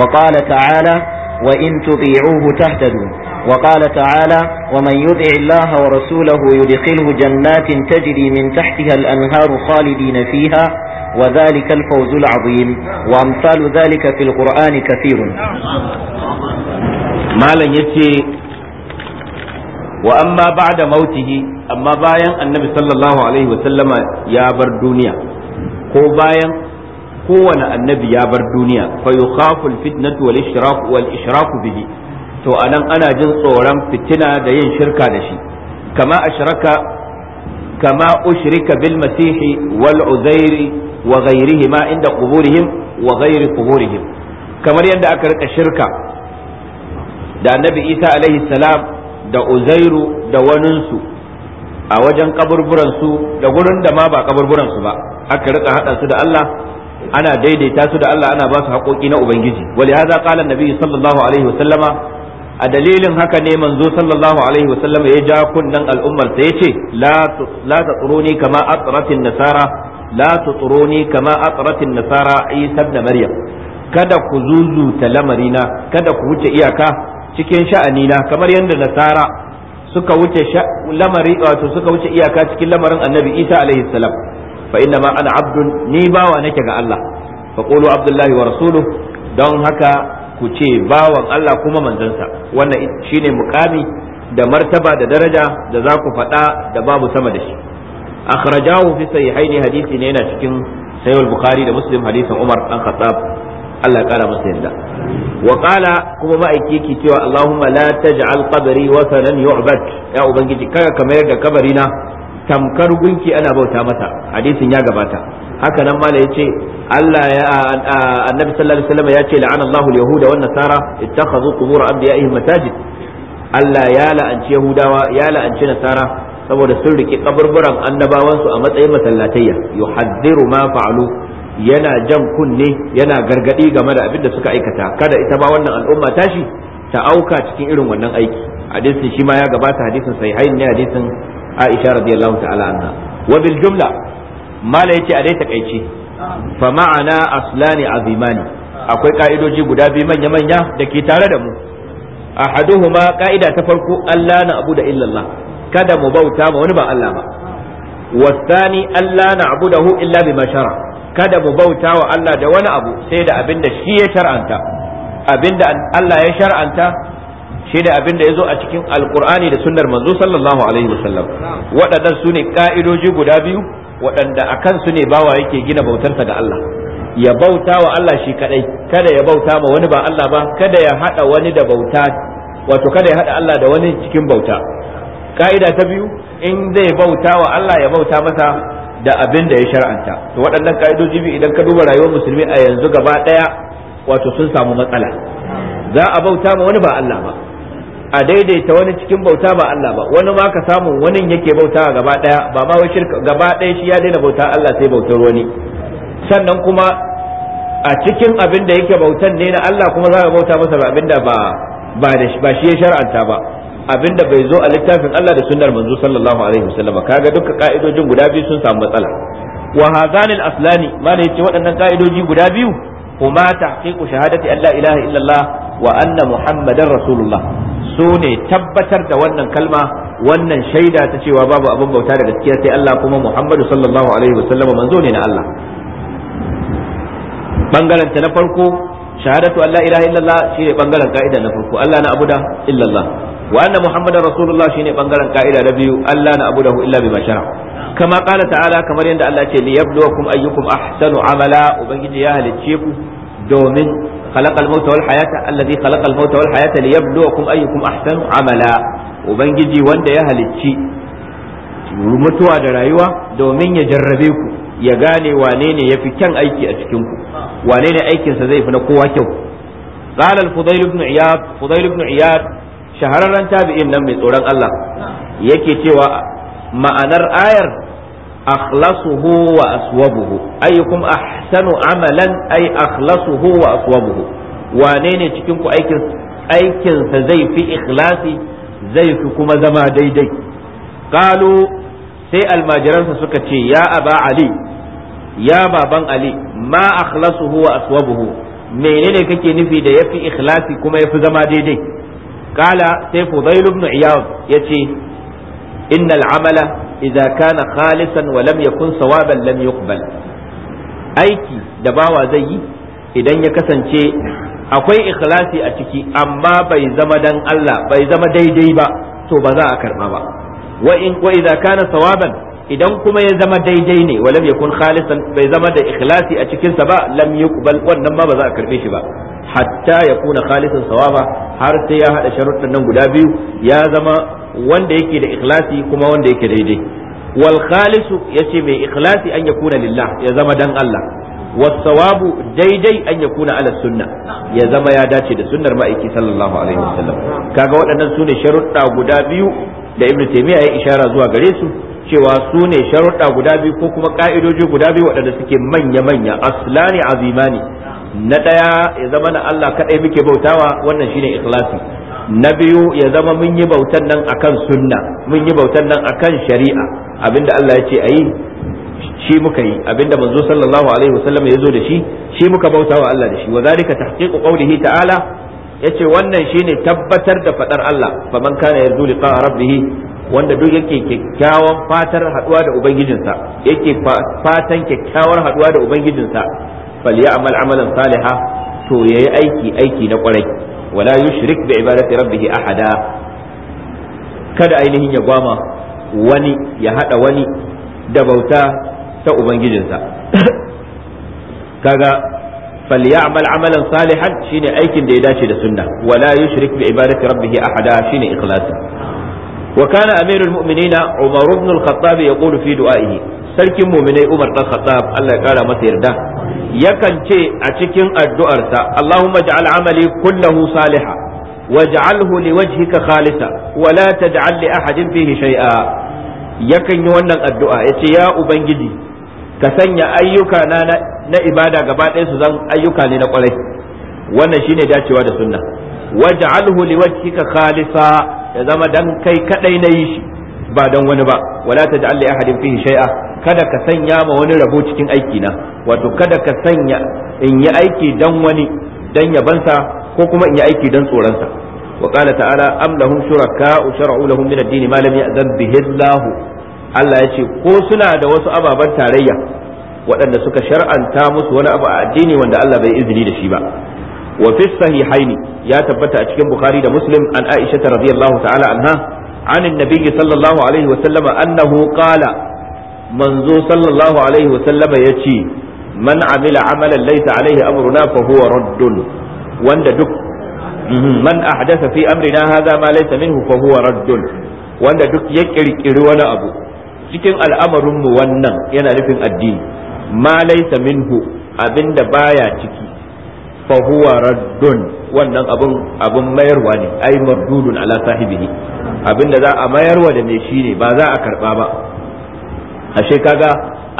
وقال تعالى وإن تطيعوه تهتدوا وقال تعالى ومن يطع الله ورسوله يدخله جنات تجري من تحتها الأنهار خالدين فيها وذلك الفوز العظيم وأمثال ذلك في القرآن كثير ما لن يتي وأما بعد موته أما باين النبي صلى الله عليه وسلم يا بر دنيا ko bayan kowane annabi ya bar duniya fa yukhafu alfitnatu wal wal bihi to anan ana jin tsoron fitina da yin shirka da shi kama ashraka kama ushrika bil masihi wal uzairi wa ghayrihima inda quburihim wa ghayri quburihim kamar yadda aka rika shirka da annabi isa alaihi salam da uzairu da waninsu a wajen kaburburansu da gurin da ma ba kaburburansu ba aka rika hada su da Allah ana daidaita su da Allah ana ba su haƙoƙi na ubangiji wali haza qala annabi sallallahu alaihi wa sallama a dalilin haka ne manzo sallallahu alaihi wa sallama ya ja kunnen al'ummar sa yace la la tatruni kama a atratin nasara la tatruni kama atratin nasara isa ibn maryam kada ku zuzuta lamarina kada ku wuce iyaka cikin sha'anina kamar yadda nasara suka wuce lamari wato suka wuce iyaka cikin lamarin annabi isa alaihi salam fa inna ma ana abdun ni bawa nake ga Allah fa qulu abdullahi wa rasuluhu don haka ku ce bawan Allah kuma manzansa wannan shine mukami da martaba da daraja da za ku faɗa da babu sama da shi akhrajahu fi sahihaini hadisi ne yana cikin sahih bukhari da muslim hadisin umar an khattab Allah kara masa yarda wa kuma ma'aiki yake cewa Allahumma la taj'al qabri wa sanan ya ubangiji kaga kamar da kabari na tamkar gunki ana bauta masa hadisin ya gabata haka nan mala yace Allah ya annabi sallallahu alaihi wasallam yace la'ana Allahu al-yahuda wan nasara ittakhadhu qubur anbiya'ihim masajid Allah ya la'anci yahudawa ya la'anci nasara saboda sun riki kaburburan annabawansu a matsayin masallatayya yuhaddiru ma fa'alu yana jan kunne yana gargadi game da abin da suka aikata kada ita ba wannan al'umma tashi ta auka cikin irin wannan aiki hadisin shi ma ya gabata hadisin sahihain ne hadisin aisha radiyallahu ta'ala anha wa jumla mala yace a dai takaice fa ma'ana aslani azimani akwai ka'idoji guda biyu manya manya da ke tare da mu ahaduhuma ƙa'ida ta farko Allah na abu da illallah kada mu bauta ma wani ba Allah ba wasani Allah na abu da hu illa bima shara kada mu bauta wa Allah da wani abu sai da abin shi ya shar'anta abin Allah ya shar'anta da abin da ya zo a cikin alkur'ani da sunnar manzo sallallahu alaihi wasallam waɗannan su ne ka'idoji guda biyu waɗanda akan su ne bawa yake gina bautarsa ga Allah ya bauta wa Allah shi kadai kada ya bauta ma wani ba Allah ba kada ya hada wani da bauta wato kada ya hada Allah da wani cikin bauta ka'ida ta biyu in zai bauta wa Allah ya bauta masa da abin da ya shar'anta to waɗannan ka'idoji biyu idan ka duba rayuwar musulmi a yanzu gaba ɗaya wato sun samu matsala za a bauta ma wani ba Allah ba a daidaita wani cikin bauta ba Allah ba wani ma ka samu wani yake bauta gaba daya ba ma wai shirka gaba daya shi ya daina bauta Allah sai bautar wani sannan kuma a cikin abin da yake bautan ne na Allah kuma za ka bauta masa ba abin da ba ba da ba shi ya shar'anta ba abin da bai zo a littafin Allah da sunnar manzo sallallahu alaihi wasallam kaga duka ka'idojin guda biyu sun samu matsala wa hazanil aslani mana yace waɗannan ka'idoji guda biyu kuma tahqiqu shahadati an la ilaha illallah wa anna muhammadar rasulullah su ne tabbatar da wannan kalma wannan shaida ta cewa babu abin bauta da gaskiya sai Allah kuma Muhammadu sallallahu alaihi wasallam manzo ne na Allah bangaren ta na farko shahadatu Allah ilaha illallah shine bangaren ka'ida na farko Allah na abuda illallah wa anna muhammadar rasulullah shine bangaren ka'ida na biyu Allah na abudahu illa bima shara kama qala ta'ala kamar yadda Allah ce li yabluwakum ayyukum ahsanu amala ubangiji ya halicce ku domin خلق الموت والحياة الذي خلق الموت والحياة ليبلوكم أيكم أحسن عملا وبنجي وند يا هلتشي mutuwa da rayuwa domin ya jarrabe ku ya gane wane ne ya fi kyan aiki a cikinku wane ne aikinsa zai fi na kowa kyau qala al-fudayl ibn iyad shahararren tabi'in nan mai tsoron Allah yake cewa ma'anar ayar akhlasuhu wa aswabuhu ayyukum ahsanu amalan ay akhlasuhu wa aswabuhu wane ne cikin ku aikinsa zai fi ikhlasi zai fi kuma zama daidai qalu sai almajiransa suka ce ya aba ali ya baban ali ma akhlasuhu wa aswabuhu menene kake nufi da yafi ikhlasi kuma yafi zama daidai kala sai fudail ibn iyad yace innal amala idza kana khalisan wa lam yakun sawaban lam yuqbal aiki da bawa zai yi idan ya kasance akwai ikhlasi a ciki amma bai zama dan Allah bai zama daidai ba to ba za a karba ba wa in wa idza kana sawaban idan kuma ya zama daidai ne wa walam yakun khalisan bai zama da ikhlasi a cikin sa ba lam yuqbal wannan ba za a karbe shi ba hatta ya kuna khalisan sawaba har sai ya hada sharuɗan nan guda biyu ya zama wanda yake da ikhlasi kuma wanda yake daidai wal khalisu yace mai ikhlasi an yakuna lillah ya zama dan Allah wasawabu daidai an yakuna ala sunna ya zama ya dace da sunnar ma'aiki sallallahu alaihi wasallam kaga waɗannan sune sharuɗa guda biyu da ibnu taymiya ya ishara zuwa gare su cewa sune ne sharuɗa guda biyu ko kuma ka'idoji guda biyu waɗanda suke manya manya aslani azimani na ɗaya ya zama na Allah kaɗai muke bautawa wannan shine ikhlasi na biyu ya zama mun yi bautan nan akan sunna mun yi bautan nan akan shari'a abinda Allah ya ce a yi shi muka yi abinda manzo sallallahu alaihi wasallam ya zo da shi shi muka bauta wa Allah da shi wa zalika tahqiqu qawlihi ta'ala yace wannan shine tabbatar da fadar Allah faman kana yarju liqa rabbih wanda duk yake kyakkyawan fatar haduwa da ubangijinsa yake fatan kyakkyawar haduwa da ubangijinsa falyamal amalan saliha to yayi aiki aiki na kwarai wala yushrik bi ibadati rabbih ahada kada ainihin ya gwama wani ya hada wani da bauta ta ubangijinsa kaga falyamal amalan salihan shine aikin da ya dace da sunna wala yushrik bi shine ikhlasi وكان أمير المؤمنين عمر بن الخطاب يقول في دعائه سلك مؤمني عمر بن الخطاب الله قال ما تيرده yakan ce a cikin addu'arsa Allahumma ja'al amali kullahu saliha waj'alhu liwajhika khalisa wa la taj'al li ahadin fihi shay'a yakan yi wannan addu'a yace ya ubangiji ka sanya ayyuka na na ibada gaba ɗaya su zan ayyuka ne na kwarai wannan shine dacewa da sunna waj'alhu liwajhika khalisa ya zama dan kai kadai na yi shi ba dan wani ba wala ta taj'al li ahadin fihi shay'a kada ka sanya ma wani rabo cikin aiki na wato kada ka sanya in yi aiki dan wani dan yabansa ko kuma in yi aiki dan tsoronsa wa qala ta'ala am lahum shuraka shar'u lahum min ad-din ma lam ya'zan bihi Allah Allah ya ce ko suna da wasu ababan tarayya waɗanda suka shar'anta musu wani abu a addini wanda Allah bai izini da shi ba wa fi sahihaini ya tabbata a cikin bukhari da muslim an aisha radiyallahu ta'ala anha عن النبي صلى الله عليه وسلم أنه قال منذ صلى الله عليه وسلم يتي من عمل عملا ليس عليه أمرنا فهو رد وند دك من أحدث في أمرنا هذا ما ليس منه فهو رد وند دك يكركر ولا أبو cikin al'amarinmu wannan yana nufin addini ma laisa minhu abinda baya ciki fa huwa wannan abin mayarwa ne ai mardudun ala sahibihi abinda za a mayarwa da mai shi ne ba za a karba ba ashe kaga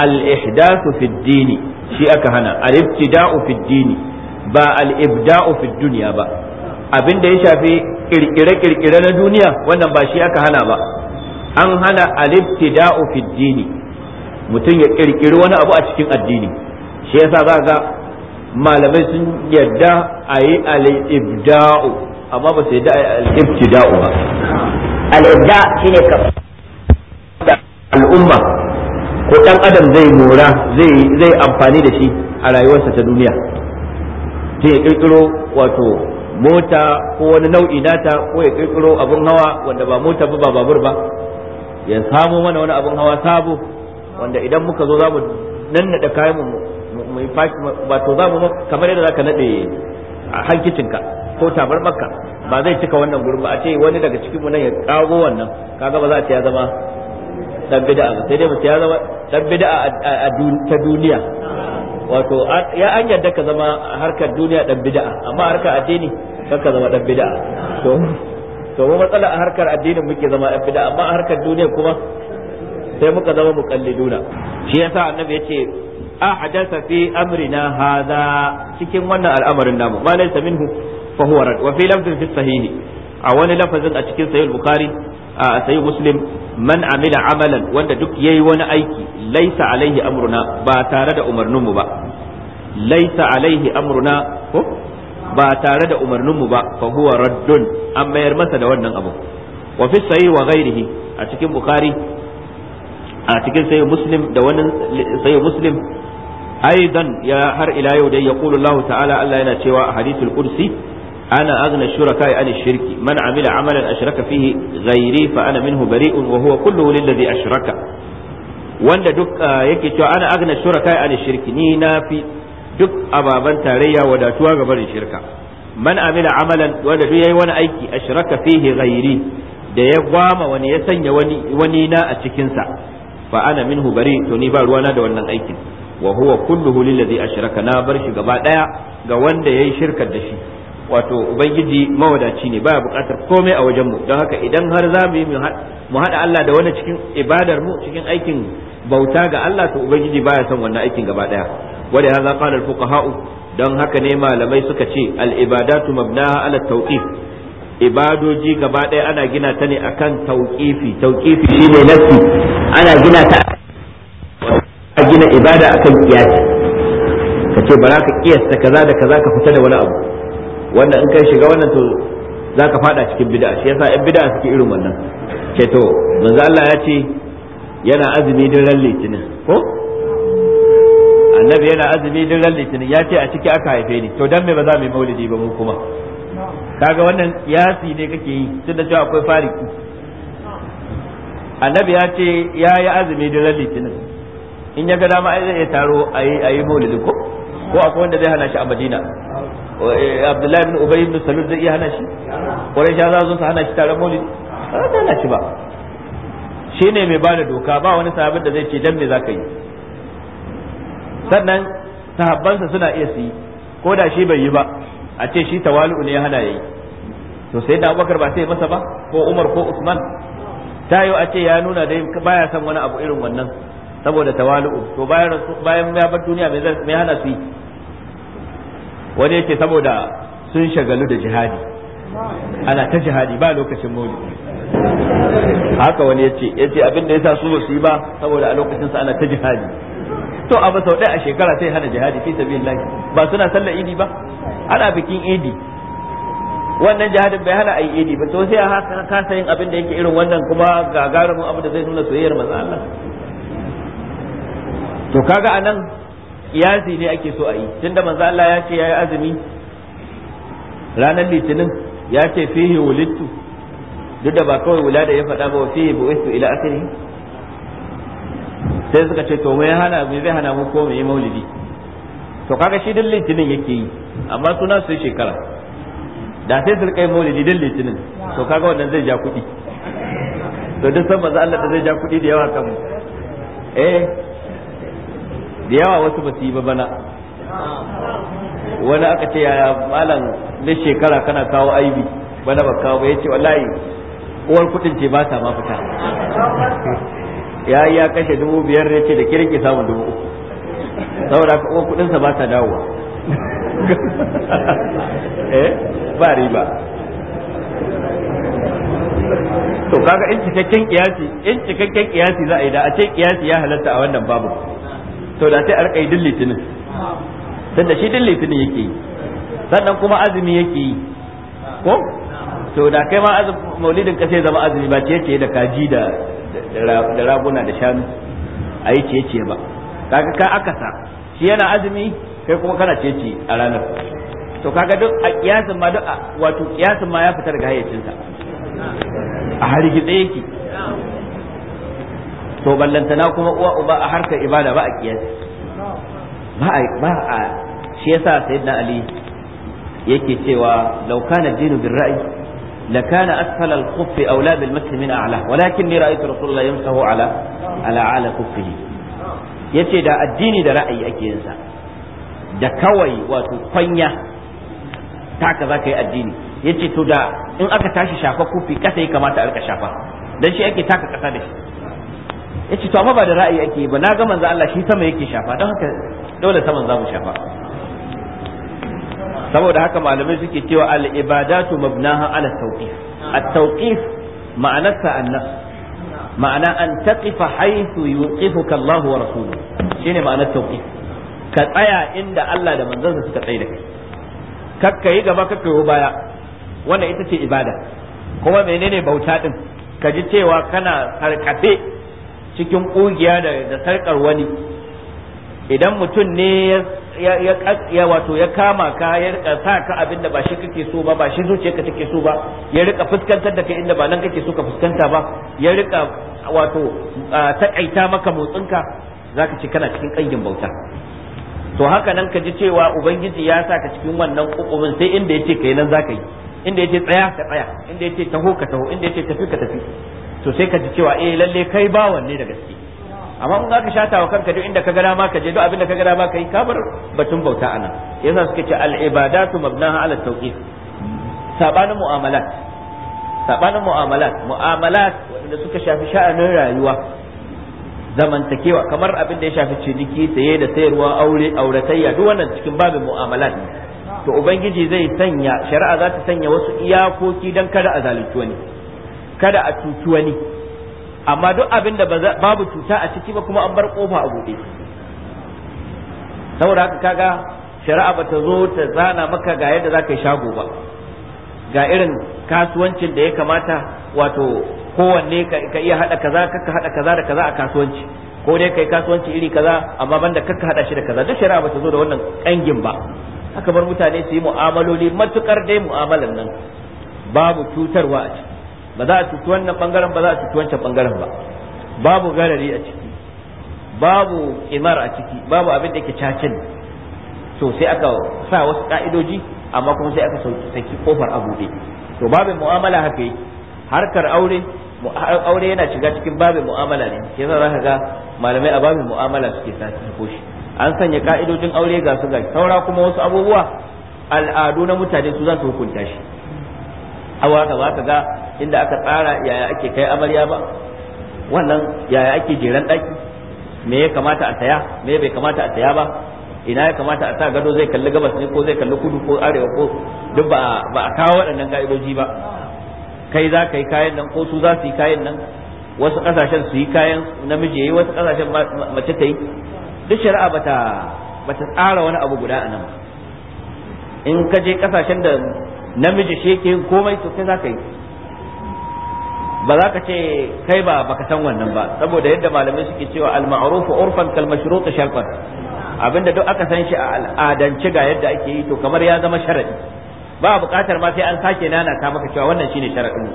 al ihdathu fi dini shi aka hana al ibtida'u fi dini ba al ibda'u fi dunya ba abinda ya shafi kirkire kirkire na duniya wannan ba shi aka hana ba an hana al ibtida'u fi dini mutum ya kirkiri wani abu a cikin addini shi yasa za ga malamai sun yadda a yi al’ibda’u amma ba su yadda a yi al-ibtida'u ba al shi ne Da al'umma ko ɗan adam zai mora zai amfani da shi a rayuwarsa ta duniya zai ƙirƙiro wato mota ko wani nau'i nata ko ya ƙirƙiro abin hawa wanda ba mota ba babur ba ya samo mana wani abin hawa sabo wanda idan muka zo za mu nannaɗa kayan mu mai fashi wato za mu kamar yadda zaka nade hankicinka ko tabar makka ba zai cika wannan gurin ba a ce wani daga cikin mu nan ya kago wannan kaga ba za ta ya zama dan bid'a ba sai dai mutum ya zama dan bid'a ta duniya wato ya an yadda ka zama harkar duniya dan bid'a amma harkar addini kanka zama dan bid'a to to mu matsala a harkar addinin muke zama dan bid'a amma a harkar duniya kuma sai muka zama muqalliduna shi yasa annabi yace ahdatha fi amrina hadha cikin wannan al'amarin namu ma laysa minhu fa huwa rad wa fi lafzin a wani lafazin a cikin sahih bukhari a sahih muslim man amila amalan wanda duk yayi wani aiki laysa alaihi amruna ba tare da umarnin ba laysa alaihi amruna ba tare da umarnin ba fa huwa raddun an mayar masa da wannan abu wa fi wa a cikin a cikin da aidan ya har ila yau dai ya Allah ta'ala Allah yana cewa a hadithul qudsi ana aghna shuraka an shirki man amila amalan ashraka fihi ghairi fa ana minhu bari'un wa huwa kulluhu lilladhi ashraka wanda duk yake cewa ana aghna shuraka an shirki ni na fi duk ababan tarayya wadatuwa ga barin shirka man amila amalan wanda wani aiki da ya gwama wani ya sanya wani na a cikinsa fa ana minhu bari to ni ba ruwana da wannan aikin wa huwa kulluhu lillazi ashraka na bar shi gaba daya ga wanda ya yi shirkar da shi wato ubangiji mawadaci ne baya bukatar komai a wajen mu don haka idan har za mu yi mu hada Allah da wani cikin ibadar mu cikin aikin bauta ga Allah to ubangiji baya son wannan aikin gabaɗaya. daya wanda hadha qala al fuqaha don haka ne malamai suka ce al ibadatu mabnaha ala tawqif ibadoji gaba daya ana gina ta ne akan tawqifi tawqifi shine nafsi ana gina ta ibada akan kiyasi ka ce za ka kiyasta kaza da kaza ka fita da wani abu wanda in kai shiga wannan to za ka fada cikin bid'a shi yasa yan bid'a suke irin wannan ce to manzo Allah ya ce yana azumi din ran litinin ko annabi yana azumi din ran litinin ya ce a ciki aka haife ni to dan me ba za mu yi maulidi ba mu kuma kaga wannan kiyasi ne kake yi da cewa akwai fariki annabi ya ce ya yi azumi din ran litinin in ya ga dama ai zai taro ayi ayi maulidi ko ko akwai wanda zai hana shi a Madina eh, Abdullahi ibn Ubay ibn Salul zai iya hana shi Quraysh za su hana shi taron maulidi ba zai hana shi ba shine mai bada doka ba wani sahabin da zai ce dan me zaka yi sannan sahabbansa suna iya su yi ko da shi bai yi ba a ce shi tawali'u ne ya hana yayi to sai da Abubakar ba sai masa ba ko Umar ko Usman tayo a ce ya nuna da baya son wani abu irin wannan saboda tawali'u to bayan bayan ya bar duniya me hana su wani yake saboda sun shagalu da jihadi ana ta jihadi ba lokacin mauli haka wani yace yace abin da yasa su ba su yi ba saboda a lokacin sa ana ta jihadi to a sau ɗaya a shekara sai hana jihadi fi sabilillah ba suna sallar idi ba ana bikin idi wannan jihadin bai hana ayi idi ba to sai a ka yin abin da yake irin wannan kuma gagarumin abin da zai nuna soyayyar manzo Allah to kaga anan kiyasi ne ake so a yi tunda manzo Allah ya ce yayi azumi ranar litinin ya ce fihi wulittu duk da ba kawai wulada ya faɗa ba wa fihi buwistu ila akhirih sai suka ce to mai hana mai zai hana mu ko mai maulidi to kaga shi duk litinin yake yi amma suna su shekara da sai su rika maulidi duk litinin to kaga wannan zai ja kuɗi to duk san manzo Allah da zai ja kuɗi da yawa kan eh da yawa wasu ba su yi ba bana wani aka ce yaya malam na shekara kana kawo aibi bana ba kawo ba yace wallahi uwar kudin ce ba ta ma fita ya ya kashe dubu biyar ne ce da kirki samun dubu uku saboda haka uwar kudinsa ba ta dawowa eh ba riba to kaga in cikakken kiyasi in cikakken kiyasi za a yi da a ce kiyasi ya halatta a wannan babu to da sai a rika yi din litinin da shi din litinin yake yi sannan kuma azumi yake yi ko to da kai ma maulidin ka sai zama azumi ba ce yake da kaji da da raguna da shanu a yi ce ba kaga ka akasa shi yana azumi kai kuma kana ce-ce a ranar to kaga duk a kiyasin ma duk wato kiyasin ma ya fita daga hayyacinsa a hargitse yake to ballantana kuma uwa uba a harkar ibada ba a kiyasi ba a ba a shi yasa sayyidina ali yake cewa law kana dinu bir ra'i لكان أسفل الخف أولى بالمسح من أعلاه ولكني رأيت رسول الله يمسه ala على أعلى خفه yace da addini da ra'ayi ake yin sa da kawai wato kwanya taka za ka yi addini yace to da in aka tashi shafa kufi kasa ya kamata a rika shafa dan shi ake taka kasa da shi yace to amma ba da ra'ayi ake ba na ga manzo Allah shi sama yake shafa don haka dole saman za mu shafa saboda haka malamai suke cewa al ibadatu mabnaha ala tawqif at tawqif ma'anarsa an ma'ana an taqifa haythu yuqifuka Allah wa rasuluhu shine ma'anar tawqif ka tsaya inda Allah da manzansa suka tsaya da kai kakka yi gaba kakka yi baya wannan ita ce ibada kuma menene bauta din ka ji cewa kana karkafe cikin ƙugiya da sarƙar wani idan mutum ne ya ya wato ya kama ka ya rika sa ka abin da ba shi kake so ba ba shi zuciya ka take so ba ya rika fuskantar da kai inda ba nan kake so ka fuskanta ba ya rika wato takaita maka motsinka zaka ci kana cikin kangin bauta to haka nan ka ji cewa ubangiji ya sa ka cikin wannan kokobin sai inda yace kai nan zaka yi inda yace tsaya ka tsaya inda yace taho ka taho inda yace tafi ka tafi to sai ka ji cewa eh lalle kai bawan ne da gaske amma in zaka shata wa kanka duk inda ka ga dama ka je duk abinda ka ga dama kai ka bar batun bauta anan yasa suka ce al ibadatu mabnaha ala tawqif sabanin mu'amalat sabanin mu'amalat mu'amalat wanda suka shafi sha'anin rayuwa zamantakewa kamar abin da ya shafi ciniki saye da sayarwa aure auratayya duk wannan cikin babin mu'amalat to ubangiji zai sanya shari'a za ta sanya wasu iyakoki dan kada a zalunci wani kada a cuci wani amma duk abin da babu cuta a ciki ba kuma an bar kofa a buɗe saboda haka kaga shari'a ba ta zo ta zana maka ga yadda za ka yi shago ba ga irin kasuwancin da ya kamata wato kowanne ka iya haɗa kaza kaka haɗa kaza da kaza a kasuwanci ko dai kai kasuwanci iri kaza amma banda kaka haɗa shi da kaza duk shari'a ba ta zo da wannan ƙangin ba haka bar mutane su yi mu'amaloli matukar dai mu'amalan nan babu cutarwa a ciki ba za a cuci wannan bangaren ba za a cuci wancan bangaren ba babu garari a ciki babu imar a ciki babu abin da ke cacin to sai aka sa wasu ka'idoji amma kuma sai aka saki kofar a buɗe to babin mu'amala haka yake harkar aure aure yana shiga cikin babin mu'amala ne ke za ka ga malamai a babin mu'amala suke sa ta shi an sanya ka'idojin aure ga su ga saura kuma wasu abubuwa al'adu na mutane su za su hukunta shi awa ka ba ka ga inda aka tsara yaya ake kai amarya ba wannan yaya ake jeran ɗaki me ya kamata a saya me bai kamata a saya ba ina ya kamata a sa gado zai kalli gabas ne ko zai kalli kudu ko arewa ko duk ba a kawo waɗannan ka'idoji ba kai za ka yi kayan nan ko su za su yi kayan nan wasu ƙasashen su yi kayan namiji yayi wasu kasashen mace ta yi duk shari'a bata bata tsara wani abu guda a nan in ka je ƙasashen da namiji shi ke komai to kai za ka yi ba za ka ce kai ba baka san wannan ba saboda yadda malamai suke cewa al-ma'ruf urfan kal mashrut sharfan abinda duk aka san shi a al'adance ga yadda ake yi to kamar ya zama sharadi ba buƙatar ma sai an sake nana ta maka cewa wannan shine sharadin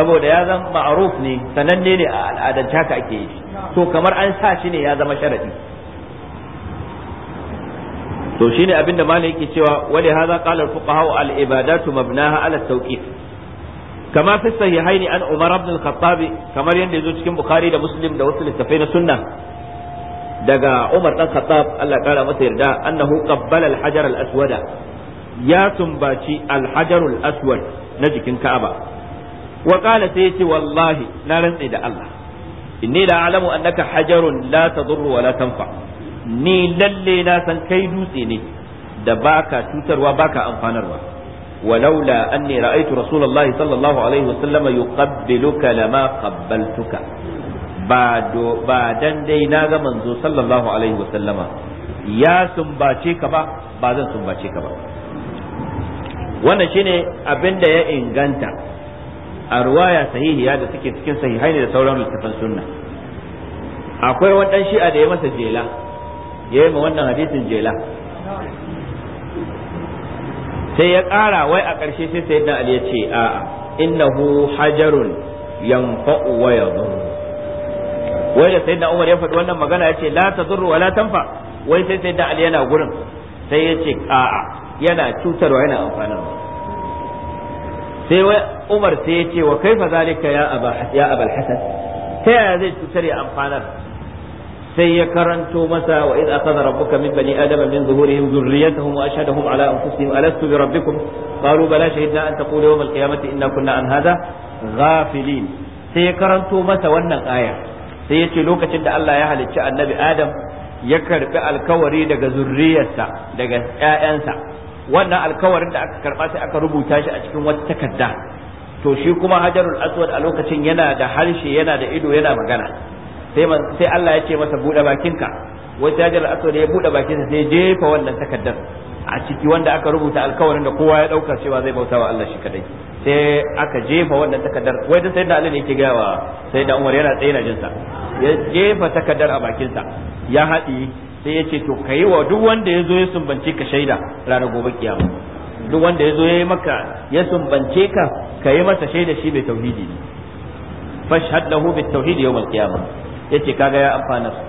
saboda ya zama ma'ruf ne sananne ne a al'adance haka ake yi to kamar an sa shi ne ya zama sharadi to shine abinda malamai yake cewa wali hadha qala al-fuqaha al-ibadatu mabnaha ala tawqif kama fi sahihaini an Umar ibn al-Khattab kamar yadda yazo cikin Bukhari da Muslim da wasu littafai na sunna daga Umar dan Khattab Allah kara masa yarda annahu qabbala al-hajar aswada ya tumbaci al-hajar aswad na jikin Ka'aba wa qala ce wallahi na rantsi da Allah inni la a'lamu annaka hajarun la tadurru wa ni lalle na san kai dutse ne da baka cutarwa baka amfanarwa ولولا أني رأيت رسول الله صلى الله عليه وسلم يقبلك لما قبلتك بعد بعد دي ناغا صلى الله عليه وسلم يا سنباتيك با بعد سنباتيك با wannan shine abin da ya inganta a ruwaya sahihiya da suke cikin sahihai ne da sauran littafan sunna akwai wani dan shi'a da ya masa jela ya yi ma wannan hadisin jela sai ya ƙara wai a ƙarshe sai sai da Ali ya ce a'a innahu hajarun yanfa'u wa yadur wai da sai da Umar ya faɗi wannan magana ya ce la tadurru wa la tanfa wai sai sai da Ali yana gurin sai ya ce a'a yana cutarwa yana amfanarwa sai wai Umar sai ya ce wa kaifa zalika ya aba ya abul hasan ta yaya zai cutar ya amfanar sai ya karanto masa wa idh akhadha rabbuka min bani adama min zuhurihim dhurriyyatahum wa ashhadahum ala anfusihim alastu bi rabbikum qalu bala shahidna an taqulu yawm al inna kunna an hadha ghafilin sai ya karanto masa wannan aya sai ya ce lokacin da Allah ya halicci annabi adam ya karbi alkawari daga zurriyarsa daga ƴaƴansa wannan alkawarin da aka karba sai aka rubuta shi a cikin wata takarda to shi kuma hajarul aswad a lokacin yana da harshe yana da ido yana magana sai sai Allah ya ce masa bude bakinka wai tajal aswad ya bude bakinsa sai jefa wannan takaddar a ciki wanda aka rubuta alkawarin da kowa ya dauka cewa zai bauta wa Allah shi kadai sai aka jefa wannan takaddar wai sai da Allah ne yake gaya wa da Umar yana tsaye na jinsa ya jefa takaddar a bakinsa ya haɗi sai ya ce to kai wa duk wanda ya zo ya sumbance ka shaida ranar gobe kiyama duk wanda ya zo ya yi maka ya sumbance ka ka yi masa shaida shi bai tauhidi ne fashhad lahu bit tauhid yawm al-qiyamah yace kaga ya amfana su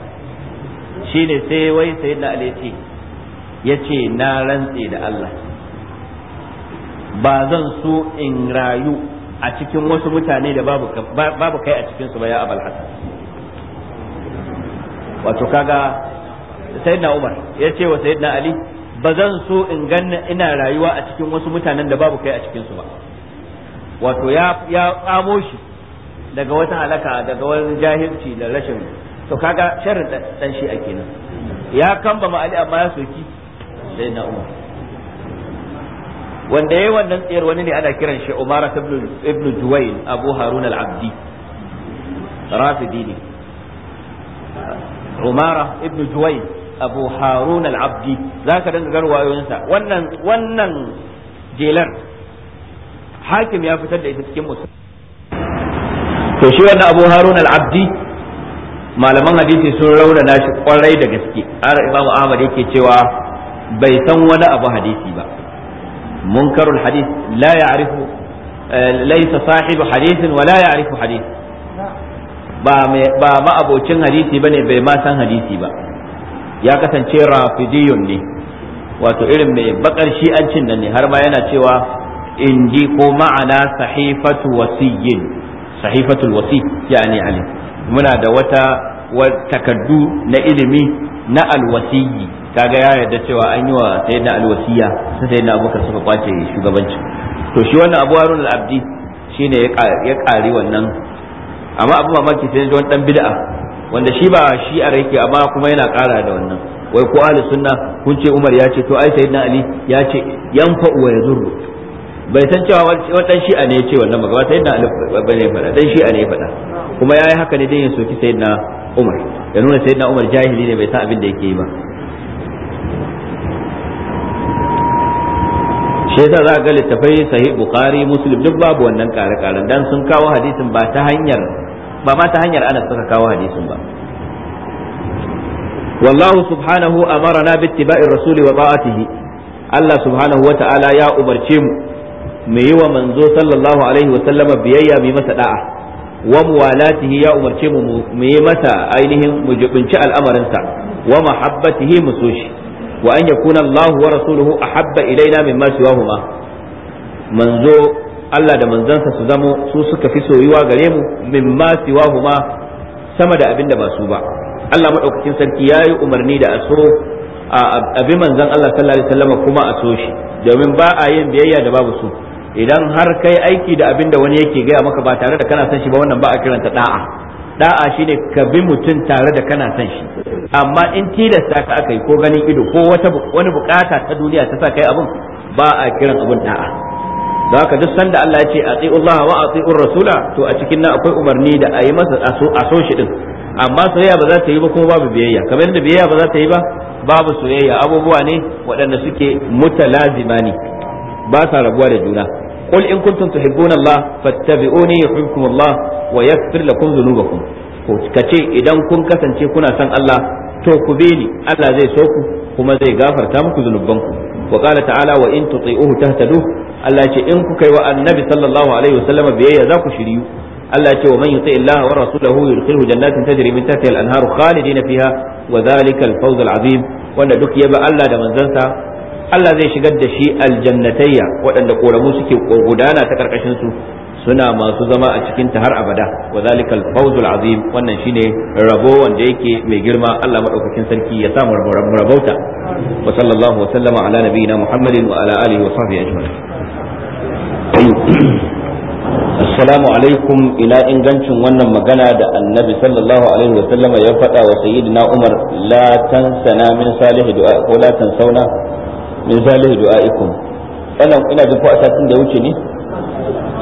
shine sai wai sayyidina ali yace yace na rantse da Allah ba zan so in rayu a cikin wasu mutane da babu kai a cikinsu ba ya abal hasan wato kaga sayyidina umar ya ce wa sayyidina ali ba zan so in ganna ina rayuwa a cikin wasu mutanen da babu kai a cikinsu ba wato ya tsamo shi daga wata halaka daga wani jahilci da rashin to kaga sharrin dan shi a nan ya kamba ma ali amma ya soki sai na umar wanda yayi wannan tsayar wani ne ana kiran shi umara ibn juwail abu harun al-abdi rafidi ne umara ibn juwail abu harun al-abdi zaka dinga garwayoyinsa wannan wannan jelar hakim ya fitar da ita cikin musulmi to shi wannan abu harun al-abdi malaman hadisi sun na shi kwarai da gaske har imam ahmad yake cewa bai san wani abu hadisi ba munkarul hadis la ya'rifu eh, laysa sahibu hadisin wa la ya'rifu hadis ba ba ma'abocin hadisi bane bai ma san hadisi ba ya kasance rafidiyun ne wato irin mai bakar shi'ancin nan ne har ma yana cewa in ji ko ma'ana sahifatu wasiyyin sahifatul wasi yani ali muna da wata takaddu na ilimi na alwasiyi kaga ya yarda cewa an yi wa sayyidina alwasiya sai sayyidina abubakar suka kwace shugabanci to shi wannan abu harun al-abdi shine ya kare wannan amma abu mamaki sai da dan bid'a wanda shi ba shi a yake amma kuma yana kara da wannan wai ko ahli sunna kun ce umar ya ce to ai sayyidina ali ya ce yanfa wa yazurru bai san cewa wadan shi'a ne ya ce wannan magana sai da ba ne faɗa dan shi'a ne ya faɗa kuma yayi haka ne dan ya soki sayyidina Umar ya nuna sayyidina Umar jahili ne bai san abin da yake yi ba shi yasa za ga littafai sahih bukhari muslim duk babu wannan kare karen dan sun kawo hadisin ba ta hanyar ba ma ta hanyar Anas suka kawo hadisin ba والله سبحانه أمرنا باتباع الرسول وطاعته الله سبحانه وتعالى يا mu. mai yi wa manzo sallallahu alaihi wasallama biyayya mai masa da'a wa muwalatihi ya umarce mu mu yi masa ainihin mu jibinci al'amarinsa wa mahabbatihi mu so shi wa an yakuna Allah wa rasuluhu ahabba ilaina mimma siwahuma manzo Allah da manzansa su zamo su suka fi soyuwa gare mu mimma siwahuma sama da abin da ba su ba Allah madaukakin sarki yayi umarni da aso a abi manzon Allah sallallahu alaihi wasallam kuma a shi domin ba a yin biyayya da babu su idan har kai aiki da abin da wani yake gaya maka ba tare da kana san shi ba wannan ba a kiranta da'a da'a shine ka bi mutum tare da kana san shi amma in tilasta ka aka yi ko ganin ido ko wata wani bukata ta duniya ta sa kai abin ba a kiran abin da'a da haka duk sanda Allah ya ce a Allah wa ati'ur rasula to a cikin nan akwai umarni da a yi masa a so shi din amma soyayya ba za ta yi ba kuma babu biyayya kamar yadda biyayya ba za ta yi ba babu soyayya abubuwa ne waɗanda suke mutalazima ne ba sa rabuwa da juna qul in kun kuntum tuhibbuna Allah fattabi'uni yuhibbukum Allah wa yaghfir lakum dhunubakum ko kace idan kun kasance kuna son Allah to ku bi ni Allah zai so ku kuma zai gafarta muku zunubanku wa qala ta'ala wa in tuti'uhu tahtadu Allah ce in kuka yi wa annabi sallallahu alaihi wasallam biyayya za ku shiryu Allah ce wa man yuti Allah wa rasulahu yudkhilhu jannatin tajri min tahtiha al-anharu khalidina fiha wa dhalika al-fawz al-azim wanda duk ya yaba Allah da manzansa Allah zai shigar da shi aljannatayya waɗanda ƙoramu suke gudana ta karkashin su suna masu zama a cikin ta har abada wa zalika al azim wannan shine rabo wanda yake mai girma Allah madaukakin sarki ya samu rabauta wa sallallahu wa sallama ala nabiyyina Muhammadin wa ala alihi wa sahbihi ajma'in assalamu alaikum ina ingancin wannan magana da annabi sallallahu alaihi wa sallama ya faɗa wa sayyidina Umar la tansana min salih du'a ko la tansauna min salih du'aikum wannan ina jin ko a satin da wuce ne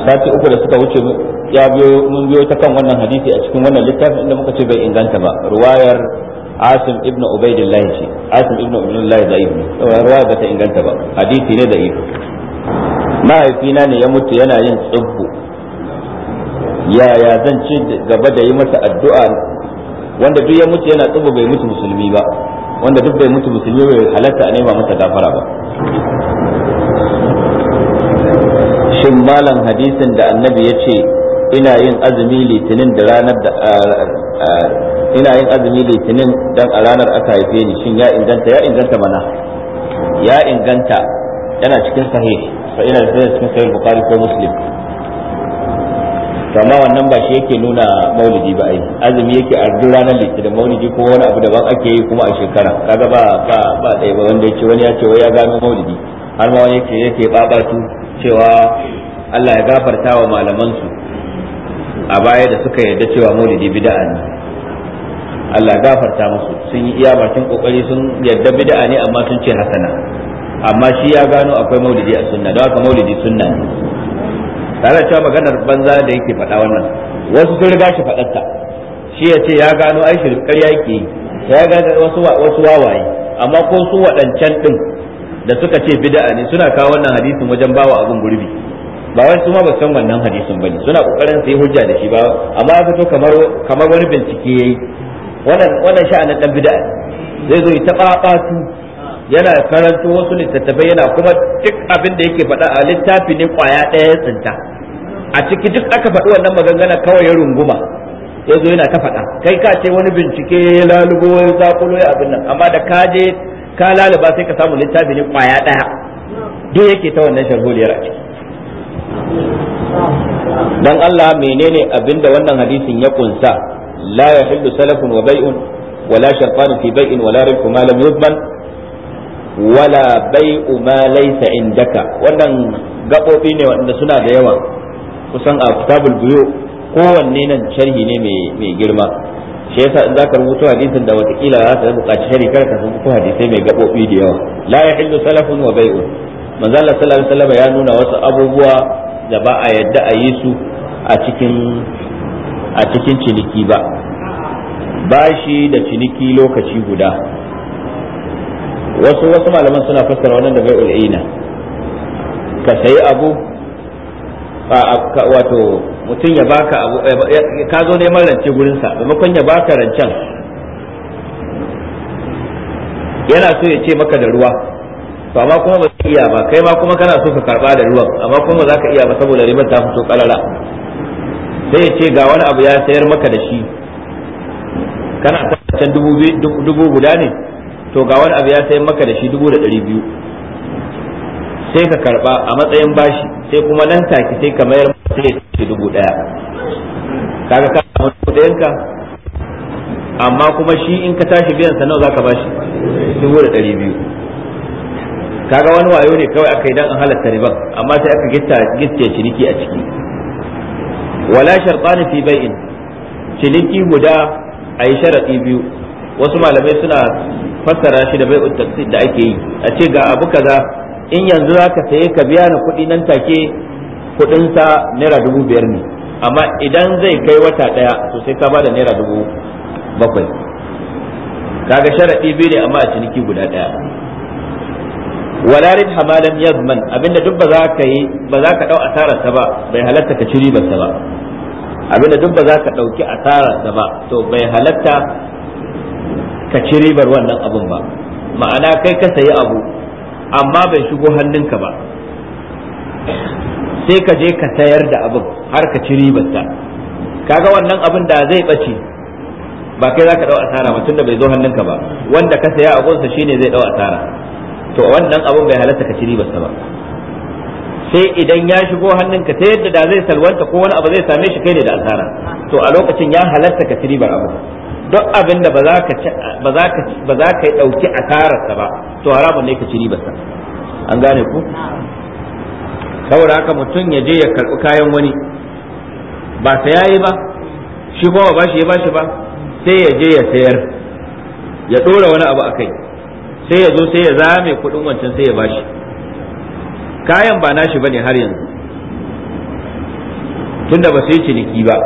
sati uku da suka wuce ya biyo mun biyo ta kan wannan hadisi a cikin wannan littafin inda muka ce bai inganta ba ruwayar Asim ibn Ubaidillah ce Asim ibn Ubaidillah da'if ne ruwaya ba ta inganta ba hadisi ne da'if mahaifina ne ya mutu yana yin tsubbu yaya zan ci gaba da yi masa addu'a wanda duk ya mutu yana tsubbu bai mutu musulmi ba wanda duk bai mutu musulmi bai halatta a nema masa gafara ba shin malam hadisin da annabi ya ce ina yin azumi litinin da ranar da ina yin azumi litinin dan a ranar aka haife ni shin ya inganta ya inganta mana ya inganta yana cikin sahih fa ina da cikin sahih bukhari ko muslim amma wannan ba shi yake nuna maulidi ba ai azumi yake a duk ranar litinin maulidi ko wani abu daban ake yi kuma a shekara kaga ba ba ba dai ba wanda yake wani ya ce wai ya gano maulidi har ma wani yake yake su cewa Allah ya gafarta wa malaman su a baya da suka yarda cewa maulidi bid'a ne Allah ya gafarta musu sun yi iya bakin kokari sun yarda bid'a ne amma sun ce hasana amma shi ya gano akwai maulidi a sunna don haka maulidi sunna ne tare cewa maganar banza da yake faɗa wannan wasu sun riga shi ta, shi ya ce ya gano ai ƙarya yake yi ya gano wasu wasu wawaye amma ko su waɗancan ɗin da suka ce bid'a ne suna kawo wannan hadisin wajen bawa abin gurbi ba wai su ma ba san wannan hadisin bane suna kokarin su yi hujja da shi ba amma ya fito kamar kamar wani bincike yayi wannan wannan sha'anin dan bid'a zai zo ya ta yana karanto wasu littattafai yana kuma duk abin da yake faɗa a littafi ne kwaya ɗaya tsinta a ciki duk aka faɗi wannan magangana kawai ya runguma ya zo yana ta faɗa kai ka ce wani bincike ya lalubo ya zakulo ya abin nan amma da ka je ka laluba sai ka samu littafi ne kwaya ɗaya duk yake ta wannan sharholiyar a ciki dan Allah menene abinda wannan hadisin ya kunsa la yahillu salafun wa bai'un wala sharqan fi bai'in wala rifqu ma yuzman wala bai'u ma laysa indaka wannan gabobi ne wanda suna da yawa kusan a kitabul buyu kowanne nan sharhi ne mai girma shi yasa in zaka rubuta hadisin da watakila za ta buƙaci sharhi kar ka rubuta hadisai mai gabobi da yawa la yahillu salafun wa bai'un manzo Allah sallallahu alaihi wasallam ya nuna wasu abubuwa da ba a yadda a yi su a cikin a cikin ciniki ba bashi da ciniki lokaci guda wasu wasu malaman suna fassara wannan da bai'ul ina ka sayi abu wato mutum ya baka abu eh, ka zo neman rance gurin sa maimakon ya baka rancen yana so ya ce maka da ruwa to amma kuma ba zai iya ba kai ma kuma kana so ka karba da ruwan amma kuma ba za ka iya ba saboda ribar ta fito karara sai ya ce ga wani abu ya sayar maka da shi kana can dubu guda ne to ga wani abu ya sayan maka da shi dubu da ɗari biyu sai ka karba a matsayin bashi sai kuma nan take sai ka mayar sai ya dubu ɗaya kaga ka samu dubu ka amma kuma shi in ka tashi biyan sa nawa zaka bashi dubu da ɗari biyu kaga wani wayo ne kawai aka yi dan an halatta riban amma sai aka gitta gitta ciniki a ciki wala sharqani fi bai'in ciniki guda ayi yi sharaɗi biyu wasu malamai suna fassara shi da bai taqsid da ake yi a ce ga abu kaza in yanzu za ka saye ka biya na kuɗi nan take kuɗin sa naira dubu biyar ne amma idan zai kai wata ɗaya to sai ka bada naira dubu bakwai kaga sharaɗi biyu ne amma a ciniki guda ɗaya wala ridha ma yazman abinda duk ba za ka yi ba za ka dau asararsa ba bai halatta ka ci ribarsa ba abinda duk ba za ka dauki asararsa ba to bai halatta ka ci ribar wannan abun ba ma'ana kai ka sayi abu amma bai shigo hannunka ba sai ka je ka sayar da abin har ka ci ribarsa kaga wannan abin da zai bace ba kai za ka dau asara ba tunda bai zo hannunka ba wanda ka saya a gonsa shine zai dau asara to wannan abin bai halatta ka ci ribarsa ba sai idan ya shigo hannunka ta yadda da zai salwanta ko wani abu zai same shi kai ne da asara to a lokacin ya halatta ka ci ribar abu duk abin da ba za ka ɗauki asararsa ba to haramun ne ka ci ribarsa an gane ku saboda haka mutum ya je ya karɓi kayan wani ba sa yi ba shi kuma ba shi ya bashi ba sai ya je ya sayar ya ɗora wani abu a kai sai ya zo sai ya zame kuɗin wancan sai ya bashi kayan ba nashi bane har yanzu tunda ba su yi ciniki ba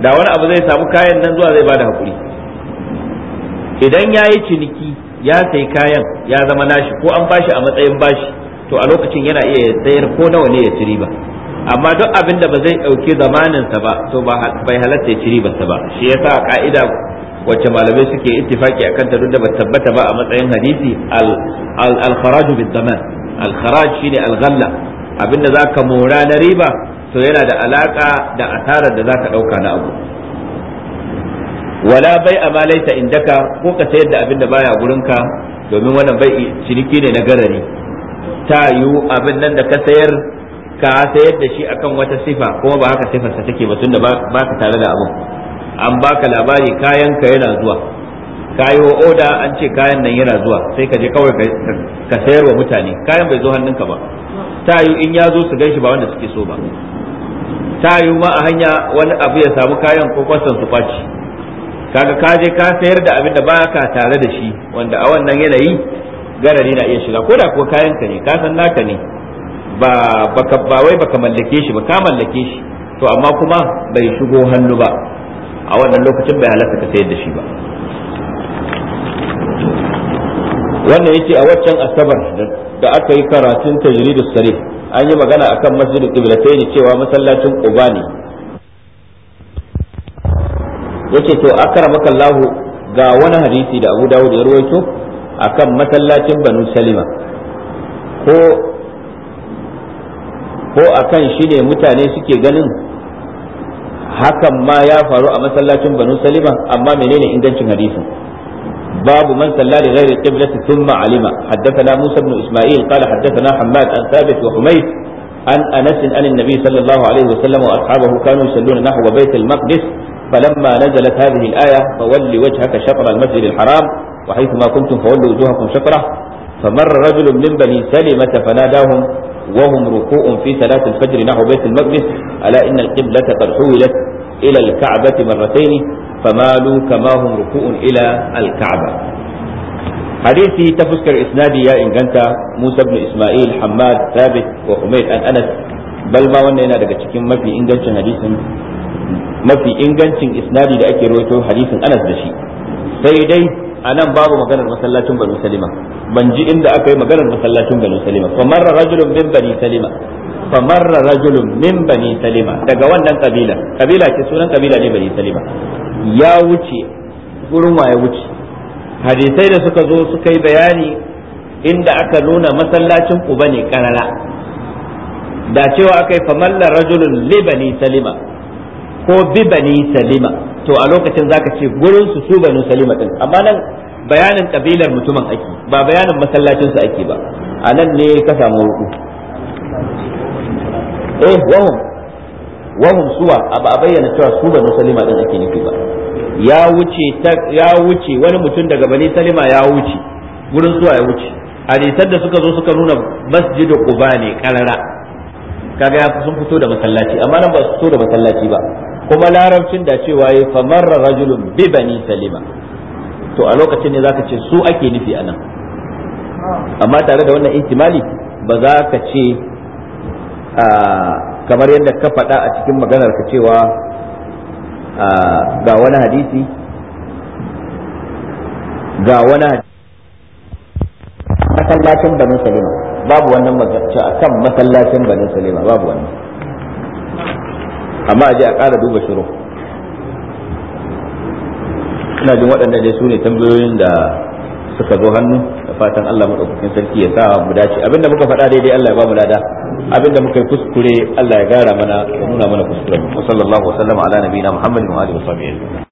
da wani abu zai samu kayan nan zuwa zai bada hakuri idan ya yi ciniki ya sai kayan ya zama nashi ko an bashi a matsayin bashi to a lokacin yana iya ya sayar ko nawa ne ya ci riba amma duk abin da ba zai ɗauki zamaninsa ba to bai halatta ya ci ribarsa ba shi yasa ka'ida wacce malamai suke ittifaki akan ta duk da ba tabbata ba a matsayin hadisi al kharaju bil zaman al kharaj shine al ghalla abinda zaka mora na riba to yana da alaka da asarar da zaka dauka na abu wala bai amalaita in daka ko ka sayar da abin da baya gurinka domin wannan bai ciniki ne na garari ta yiwu abin nan da ka sayar ka sayar da shi akan wata sifa kuma ba haka sifarsa take ba tunda ba ka tare da abin an baka labari kayan ka yana zuwa kayo oda an ce kayan nan yana zuwa sai ka je kawai ka sayar wa mutane kayan bai zo hannunka ba ta yu in ya zo su gan shi ba wanda suke so ba ta yu ma a hanya wani abu ya samu kayan ko kwastan su kwaci kaga ka je ka sayar da abin da ba ka tare da shi wanda a wannan yanayi garari na iya shiga ko da ko kayan ka ne ka san naka ne ba baka ba wai baka mallake shi ba ka mallake shi to amma kuma bai shigo hannu ba a wannan lokacin bai halatta ka sayar da shi ba wannan yace a waccan asabar da aka yi karatun tajridus sarih an yi magana akan masjidul qiblatayn cewa masallacin quba ne yace to akramaka Allah ga wani hadisi da Abu Dawud ya ruwaito akan masallacin Banu Salima ko ko akan shi ne mutane suke ganin hakan ma ya faru a masallacin Banu Salima amma menene ingancin hadisin باب من صلى لغير القبلة ثم علم حدثنا موسى بن إسماعيل قال حدثنا حماد عن ثابت وحميد عن أنس عن النبي صلى الله عليه وسلم وأصحابه كانوا يصلون نحو بيت المقدس فلما نزلت هذه الآية فول وجهك شطر المسجد الحرام وحيثما كنتم فولوا وجوهكم شطره فمر رجل من بني سلمة فناداهم وهم ركوع في صلاة الفجر نحو بيت المقدس ألا إن القبلة قد حولت إلى الكعبة مرتين فمالوا كما هم ركوع إلى الكعبة حديثي تفسكر إسنادي يا إن كنت موسى بن إسماعيل حماد ثابت وحميد أن أنس بل ما وانا هنا daga cikin mafi ingancin hadisin mafi ingancin isnadi da ake rawaito hadisin Anas da shi sai dai a nan babu maganar masallacin Banu Salima ban ji inda aka yi maganar masallacin Banu Salima fa marra rajulun min Bani Salima fa marra rajulun min Bani Salima daga wannan kabila kabila ce sunan kabila ne Bani Salima ya wuce gurin ya wuce hadisai da suka zo suka yi bayani inda aka nuna masallacin Uba ne karara da cewa aka yi famalla rajulun libani salima ko bi bani salima to a lokacin zaka ce gurin su su bani salima din amma nan bayanin kabilar mutumin ake ba bayanin masallacin su ake ba a nan ne ka samu ruku eh wahum wahum suwa ba a bayyana cewa su bani salima din ake nufi ba ya wuce ya wuce wani mutum daga bani salima ya wuce gurin suwa ya wuce hadisan da suka zo suka nuna masjidu quba ne karara kaga sun fito da masallaci amma nan ba su fito da masallaci ba kuma larabcin da cewa ya famarra rajulun bi bani salima to a lokacin ne zaka ce su ake nufi anan amma tare da wannan ihtimali ba za ka ce kamar yadda ka faɗa a cikin maganar ka cewa ga wani hadisi ga wani masallacin bani salima babu wannan magana a kan masallacin bani salima babu wannan amma a je a ƙara duba shiru ina jin waɗannan dai su tambayoyin da suka zo hannu da fatan Allah maɗaukakin sarki ya sa mu dace abinda muka faɗa daidai Allah ya ba mu lada abinda muka yi kuskure Allah ya gara mana ya nuna mana kuskuren wa sallallahu wa sallama ala nabiyina Muhammadin wa alihi wa sahbihi